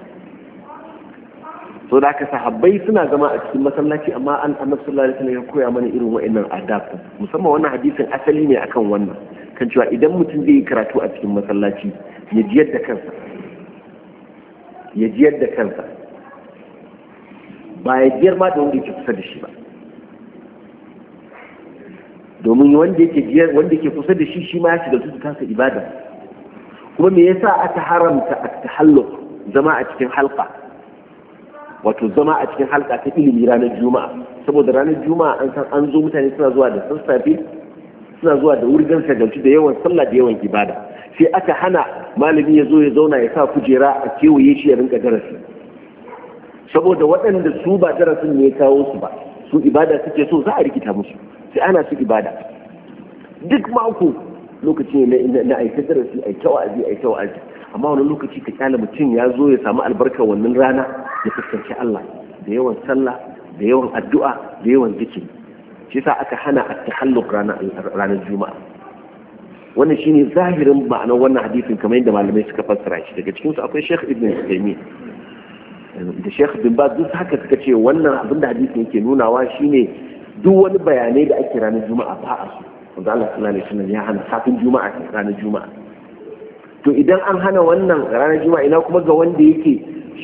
so da haka sahabbai suna zama a cikin masallaci amma an annabi sallallahu alaihi wasallam ya koya mana irin wa'annan adab musamman wannan hadisin asali ne akan wannan kan cewa idan mutum zai yi karatu a cikin masallaci ya jiyar da kansa ya jiyar da kansa ba ya jiyar ma da wanda yake kusa da shi ba domin wanda yake jiyar wanda yake kusa da shi shi ma ya shiga tutu kansa ibada kuma me yasa aka haramta at-tahalluq zama a cikin halqa wato zama a cikin halka ta ilimi ranar juma'a saboda ranar juma'a an san an zo mutane suna zuwa da sassafe suna zuwa da wurgan shagalci da yawan sallah da yawan ibada sai aka hana malami ya zo ya zauna ya sa kujera a kewaye shi ya rinka darasi saboda waɗanda su ba darasin ne ya kawo su ba su ibada suke so za a rikita musu sai ana su ibada duk mako lokaci ne na aika darasi a wa'azi a wa'azi amma wani lokaci ka kyale mutum ya zo ya samu albarka wannan rana ya fuskanci Allah da yawan sallah da yawan addu'a da yawan zikiri shi yasa aka hana at-tahalluq ranar juma'a wannan shine zahirin ma'anar wannan hadisin kamar yadda malamai suka fassara shi daga cikin su akwai Sheikh Ibn Taymiyyah da Sheikh Bin Baz duk haka suka ce wannan abin da hadisin yake nunawa shine duk wani bayanai da ake ranar juma'a ba a su wanda Allah sallallahu alaihi wasallam ya hana safin juma'a ranar juma'a to idan an hana wannan ranar juma'a ina kuma ga wanda yake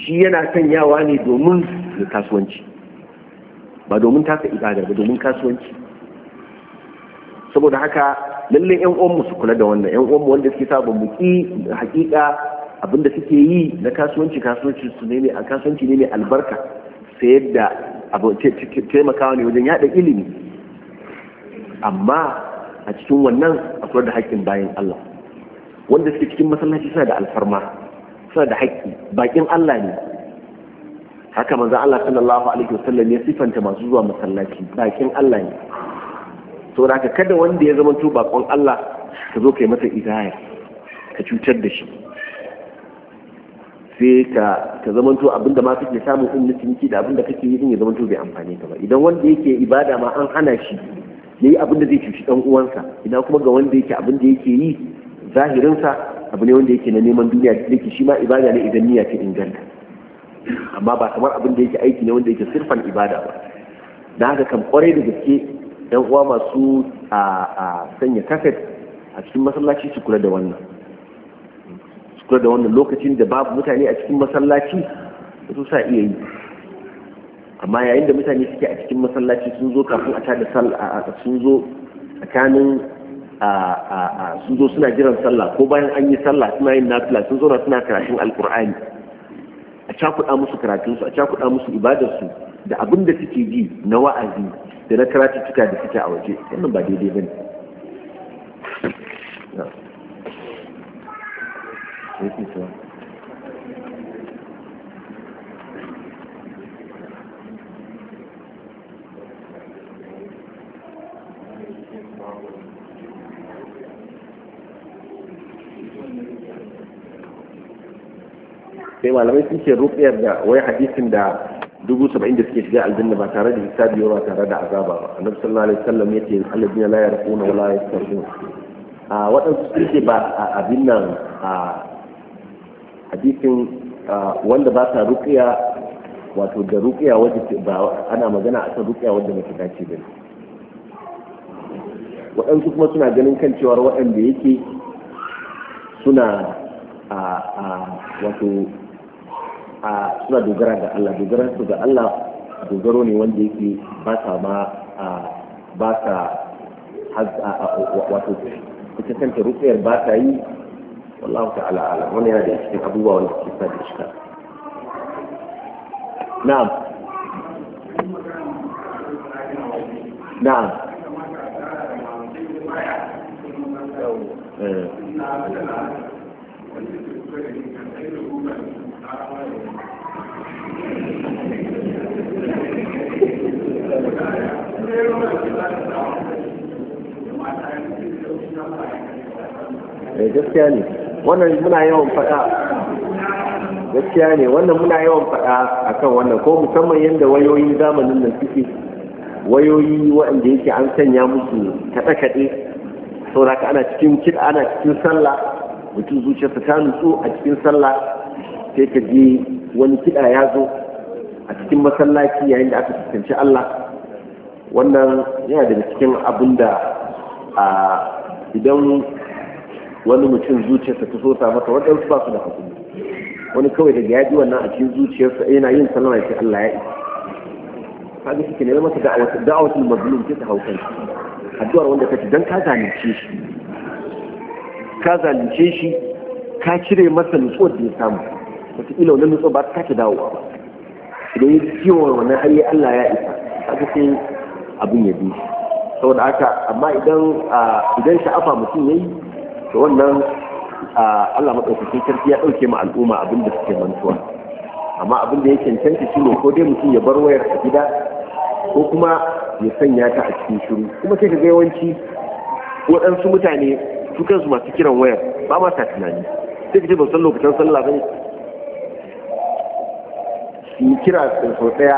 shi yana sanyawa ne domin kasuwanci ba domin tasa ibada ba domin kasuwanci saboda haka lalle yan uwanmu su kula da wannan yan uwanmu wanda suke sa bambuki, da hakika abinda suke yi na kasuwanci kasuwanci su ne a kasuwanci ne mai albarka sayar da abu taimakawa ne wajen yada ilimi amma a cikin wannan akwai da haƙƙin bayan Allah wanda suke cikin masallaci suna da alfarma suna da haƙƙi bakin Allah ne haka manzo Allah sallallahu alaihi wasallam ya sifanta masu zuwa masallaci bakin Allah ne to haka kada wanda ya zama to bakon Allah ka zo kai masa idaya ka cutar da shi sai ka ka zama to abinda ma kake samu in mutunci da abinda kake yi din ya zama to bai amfane ka ba idan wanda yake ibada ma an hana shi yayi abinda zai cuci dan uwansa idan kuma ga wanda yake abinda yake yi zahirinsa abu ne wanda yake na neman duniya da yake shi ma ibada ne idan niyya ta inganta amma ba kamar abin da yake aiki ne wanda yake sirfan ibada ba na haka kan kwarai da gaske yan uwa masu a sanya kafet a cikin masallaci su kula da wannan su kula da wannan lokacin da babu mutane a cikin masallaci su sa iya yi amma yayin da mutane suke a cikin masallaci sun zo kafin a tada sun zo tsakanin sun zo suna jiran sallah ko bayan an yi sallah suna yin nafila sun zauna suna karatun alkur'ani a cakuɗa musu karatunsu a cakuɗa musu ibadarsu da abin da suke ji na wa'azi da na karatuttuka da suke a waje wannan ba daidai ba Thank you, sai malamai sun ce rufiyar da wai hadisin da dubu saba'in da suke shiga aljanna ba tare da hisabi ba tare da azaba ba annabi sallallahu alaihi wasallam yace alladina la yarquna wala yastarjun a waɗansu sun ce ba abin nan a hadisin wanda ba ta ruqya wato da ruqya wajen ba ana magana akan ruqya wanda mace ta ce bane waɗansu kuma suna ganin kan cewar waɗanda yake suna a wato a suna dogara ga Allah dogaran su ga Allah dogaro ne wanda yake ba sa ma ba sa wato kusa kanta rufiyar ba ta yi wallahu ta'ala ala wani yana da cikin abubuwa wanda suke sa da shika na'am na'am eh Eh, gaskiya ne wannan muna yawan faɗa gaskiya ne wannan akan wannan ko musamman yadda wayoyi zamanin nan suke wayoyi waɗanda yake an sanya musu kaɗe-kaɗe sauraka ana cikin kiɗa ana cikin sallah mutum zuciyarsa ta nutsu a cikin sallah sai ka je wani kiɗa ya zo a cikin masallaci yayin da aka fuskanci Allah wannan yana daga cikin abin da idan wani mutum zuciyarsa ta so ta mata waɗansu ba su da hakuri wani kawai daga yaji wannan a cikin zuciyarsa eh, yana yin sallama ce Allah ya isa kaga shi ne masa da'awatul da'awatul mazlum ta haukan addu'ar wanda kace dan ka zalunce shi ka zalunce shi ka cire masa nutsuwar da ya samu wata ila wannan nutsuwa ba ta dawowa ba idan ya ciwon wannan ayi Allah ya isa kaga sai abin ya bi saboda haka amma idan sha'afa mutum yayi to wannan Allah madaukakin sarki ya ɗauke ma al'umma abin da suke mantuwa amma abin da ya cancanta shi ne ko dai mutum ya bar wayar a gida ko kuma ya sanya ta a cikin shiru kuma sai ka ga yawanci waɗansu mutane su kansu masu kiran wayar ba ma ta tunani sai ka ce ba san lokacin sallah ba ne su yi kira sau ɗaya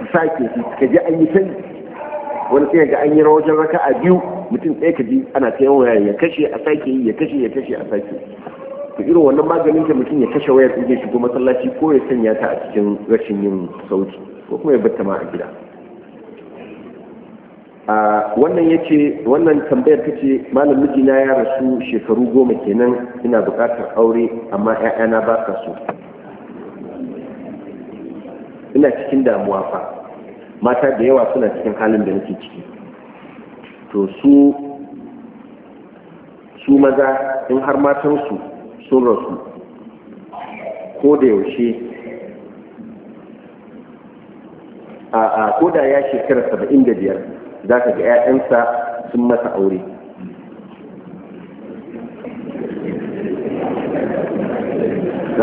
su sake su ka ji an yi canji wani sai ga an yi rawajen raka a biyu mutum ɗaya ka ji ana ta yawan waya ya kashe a sake yi ya kashe ya kashe a sake ta irin wannan maganin ka mutum ya kashe wayar in shigo masallaci ko ya sanya ta a cikin rashin yin sauti ko kuma ya batta ma a gida a wannan yace wannan tambayar ta ce malam mijina ya rasu shekaru goma kenan ina buƙatar aure amma ƴaƴana ba ka so ina cikin damuwa fa mata da yawa suna cikin halin da nake ciki to su su maza in har matansu sun rasu ko da yaushe a ko da ya shekara saba'in da biyar za ka ga 'ya'yansa sun masa aure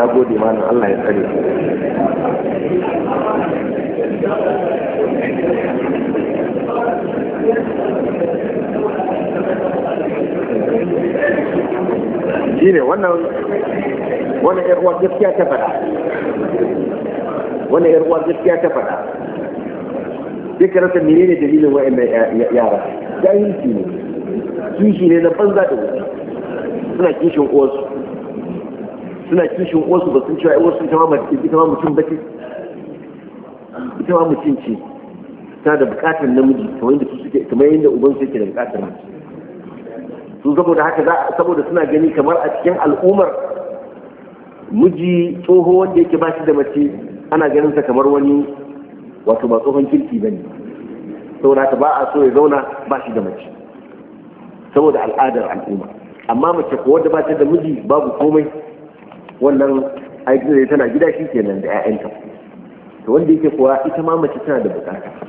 na gode malam Allah ya tsare shi ne wannan wannan yarwa gaskiya ta faɗa wannan yarwa gaskiya ta faɗa sai ka mene menene dalilin wa'annan yara jahilci ne kishi ne na banza da wuce suna kishin uwarsu suna kishin uwarsu ba sun cewa uwarsu ita ma ita ma mutum bace ita ma mutum ce ta da bukatar namiji kamar yadda ubansu su yake da bukatar namiji su saboda haka za saboda suna gani kamar a cikin al'umar, miji tsoho wanda yake ba shi da mace ana ganin sa kamar wani wato ba tsohon kirki ba ne saboda haka ba a so ya zauna ba shi da mace saboda al'adar al'umma amma mace ko wanda ba ta da miji babu komai wannan aikin da tana gida shi kenan da 'ya'yanta to wanda yake kuwa ita ma mace tana da bukata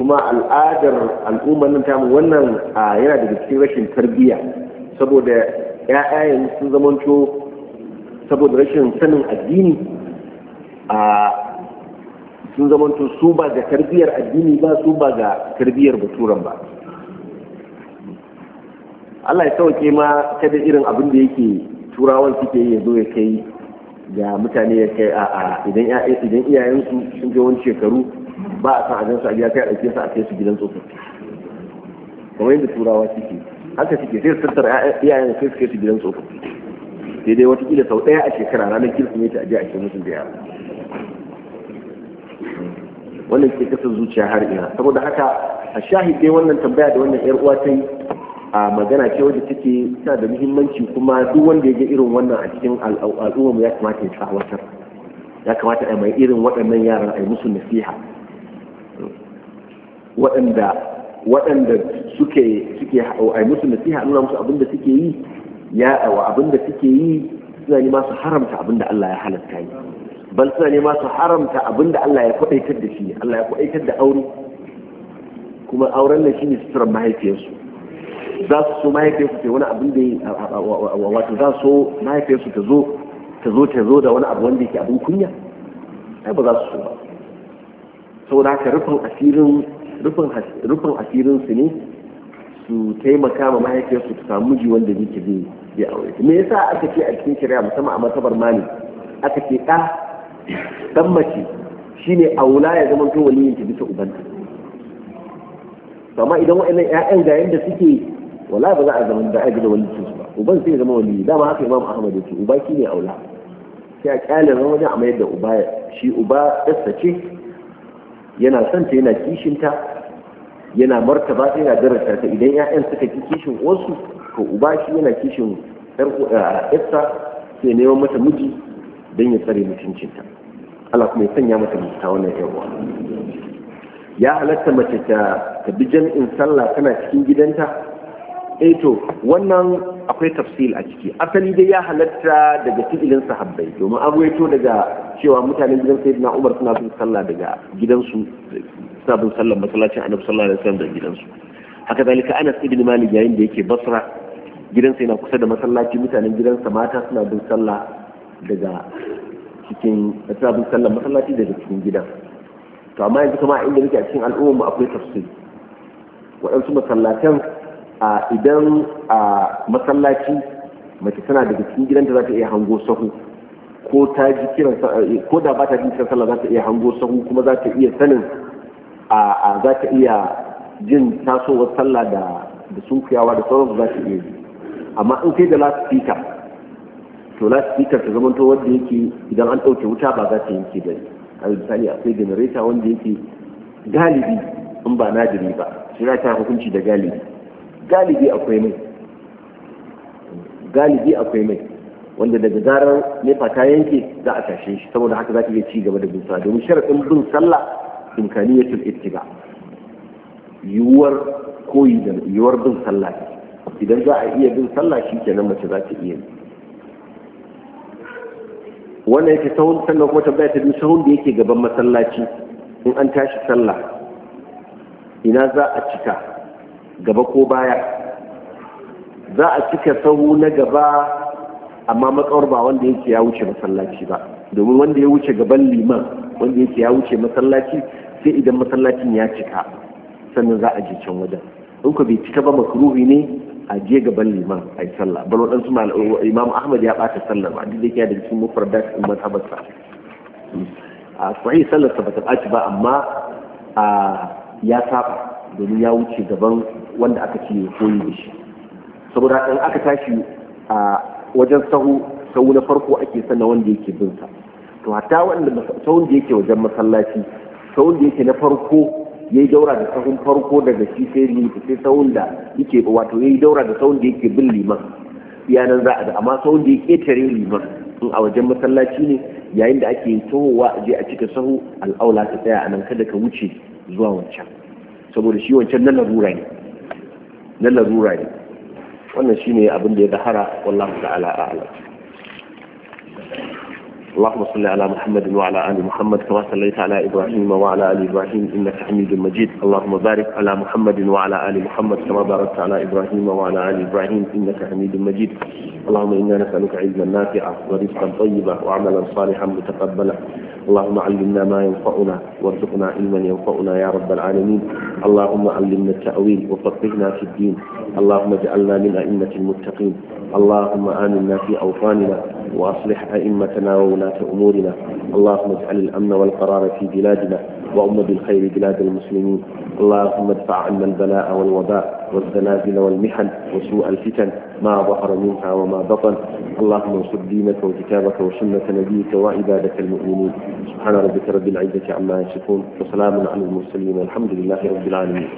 kuma al'adar al'ummar nan tamu wannan yana da cikin rashin tarbiyya saboda ya'ya sun zamanto saboda rashin sanin addini a sun zamanto su ba ga tarbiyyar addini ba su ba ga tarbiyyar baturan ba Allah ya sauke ma kada irin abin da yake turawan suke ya zo ya kai ga mutane ya kai a idan iyayensu sun je wani shekaru ba a san a ajinsu a biya kai a ɗauke su a kai su gidan tsofaffi kamar yadda turawa suke haka suke sai su tattara iyayen sai su kai su gidan tsofaffi sai dai kila sau ɗaya a shekara ranar kirsimeti a je a kai musu da yara wannan ke kasar zuciya har ina saboda haka a shahid dai wannan tambaya da wannan yar uwa ta yi a magana ce wadda take ta da muhimmanci kuma duk wanda ya ga irin wannan a cikin al'ummar ya kamata ya tsawatar ya kamata a mai irin waɗannan yaran a yi musu nasiha waɗanda waɗanda suke suke ai musu nasiha nuna musu abinda suke yi ya wa abinda suke yi suna nema su haramta abinda Allah ya halatta yi bal suna nema su haramta abinda Allah ya kwadaitar da shi Allah ya kwadaitar da aure kuma auren nan shine suturar mahaifiyarsu za su so mahaifiyarsu ta wani abin da wato za su so mahaifiyarsu ta zo ta zo ta zo da wani abu wanda yake abin kunya ai ba za su so ba saboda haka rufin asirin rufin asirin su ne su taimaka ma mahaifiyar su ta samu miji wanda yake zai zai aure me yasa aka ce a cikin shari'a musamman a matabar mali aka ce ɗa dan mace shine aula ya zama to waliyin ta bisa ubanta amma idan wa'annan ƴaƴan ga yanda suke wala ba za a zama da aiki da waliyin su ba uban sai zama waliyi dama haka imam ahmad ya ce uba shine aula sai a kyale ran wajen a mayar da uba shi uba ɗasta ce yana son ta yana kishinta yana martaba ta yana darasa ta idan ya'yan suka ki kishin wasu ko uba shi yana kishin yarsa sai neman mata miji don ya tsare mutuncin ta. Allah kuma ya sanya mata mutunta wannan yawa ya halatta mace ta bi jam'in sallah tana cikin gidanta eh to wannan akwai tafsil a ciki asali dai ya halatta daga fi'ilin sahabbai domin an waito daga cewa mutanen gidan sayyidina Umar suna bin sallah daga gidansu suna bin sallar masallacin Annabi sallallahu alaihi wasallam daga gidansu haka zalika Anas ibn Malik yayin da yake Basra gidansa yana kusa da masallaci mutanen gidansa mata suna bin sallah daga cikin suna bin sallar masallaci daga cikin gidan to amma yanzu kuma inda muke a cikin al'ummar mu akwai tafsil waɗansu masallatan idan a masallaci mace tana daga cikin gidanta za ta iya hango sahu ko eh, da ba ta ji kiran sallah za ta iya hango sahu kuma za ta iya sanin a za ta iya jin tasowar sallah da da sunkuyawa da sauransu za ta iya yi amma in kai da lasfika to lasfika ta zama to wanda yake idan an ɗauke wuta ba za ta yanke da a misali akwai generator wanda yake galibi in ba nadiri ba shi ta hukunci da galibi galibi akwai mai galibi akwai mai wanda daga zarar nefa ta yanke za a tashe shi saboda haka za ta iya ci gaba da bin sallah domin sharaɗin bin sallah imkaniyatul ittiba yiwuwar koyi da yiwuwar bin sallah idan za a iya bin sallah shi kenan mace za ta iya wannan yake sahun sannan kuma tambaya ta biyu sahun da yake gaban masallaci in an tashi sallah ina za a cika gaba ko baya za a cika sahu na gaba amma matsawar ba wanda yake ya wuce masallaci ba domin wanda ya wuce gaban liman wanda yake ya wuce masallaci sai idan masallacin ya cika sannan za a je can wajen in ku bai cika ba makruhi ne a je gaban liman a yi sallah bal waɗansu imam ahmad ya ɓata sallah ba duk da yake cikin mufardat in a sahih sallar sa bata ɓaci ba amma ya saba domin ya wuce gaban wanda aka ce koyi da shi saboda in aka tashi a wajen sahu sahu na farko ake sanna wanda yake bin sa to hatta wanda sahun da yake wajen masallaci sahun da yake na farko yayi daura da sahun farko daga shi sai ni sai sahun da yake wato yayi daura da sahun da yake bin liman iyanan za a da amma sahun da ya tare liman in a wajen masallaci ne yayin da ake tohowa a je a cika sahu al'aula ta tsaya a nan kada ka wuce zuwa wancan saboda shi wancan na larura ne na larura ne wannan shine abin da ya dahara wallahu ta'ala a'lam اللهم صل على محمد وعلى ال محمد كما صليت على ابراهيم وعلى ال ابراهيم انك حميد مجيد اللهم بارك على محمد وعلى ال محمد كما باركت على ابراهيم وعلى ال ابراهيم انك حميد مجيد اللهم انا نسالك علما نافعا ورزقا طيبا وعملا صالحا متقبلا اللهم علمنا ما ينفعنا وارزقنا علما ينفعنا يا رب العالمين اللهم علمنا التاويل وفقهنا في الدين اللهم اجعلنا من ائمه المتقين اللهم امنا في اوطاننا واصلح ائمتنا وولاه ولاة أمورنا اللهم اجعل الأمن والقرار في بلادنا وأم بالخير بلاد المسلمين اللهم ادفع عنا البلاء والوباء والزلازل والمحن وسوء الفتن ما ظهر منها وما بطن اللهم انصر دينك وكتابك وسنة نبيك وعبادك المؤمنين سبحان ربك رب العزة عما يصفون وسلام على المرسلين والحمد لله رب العالمين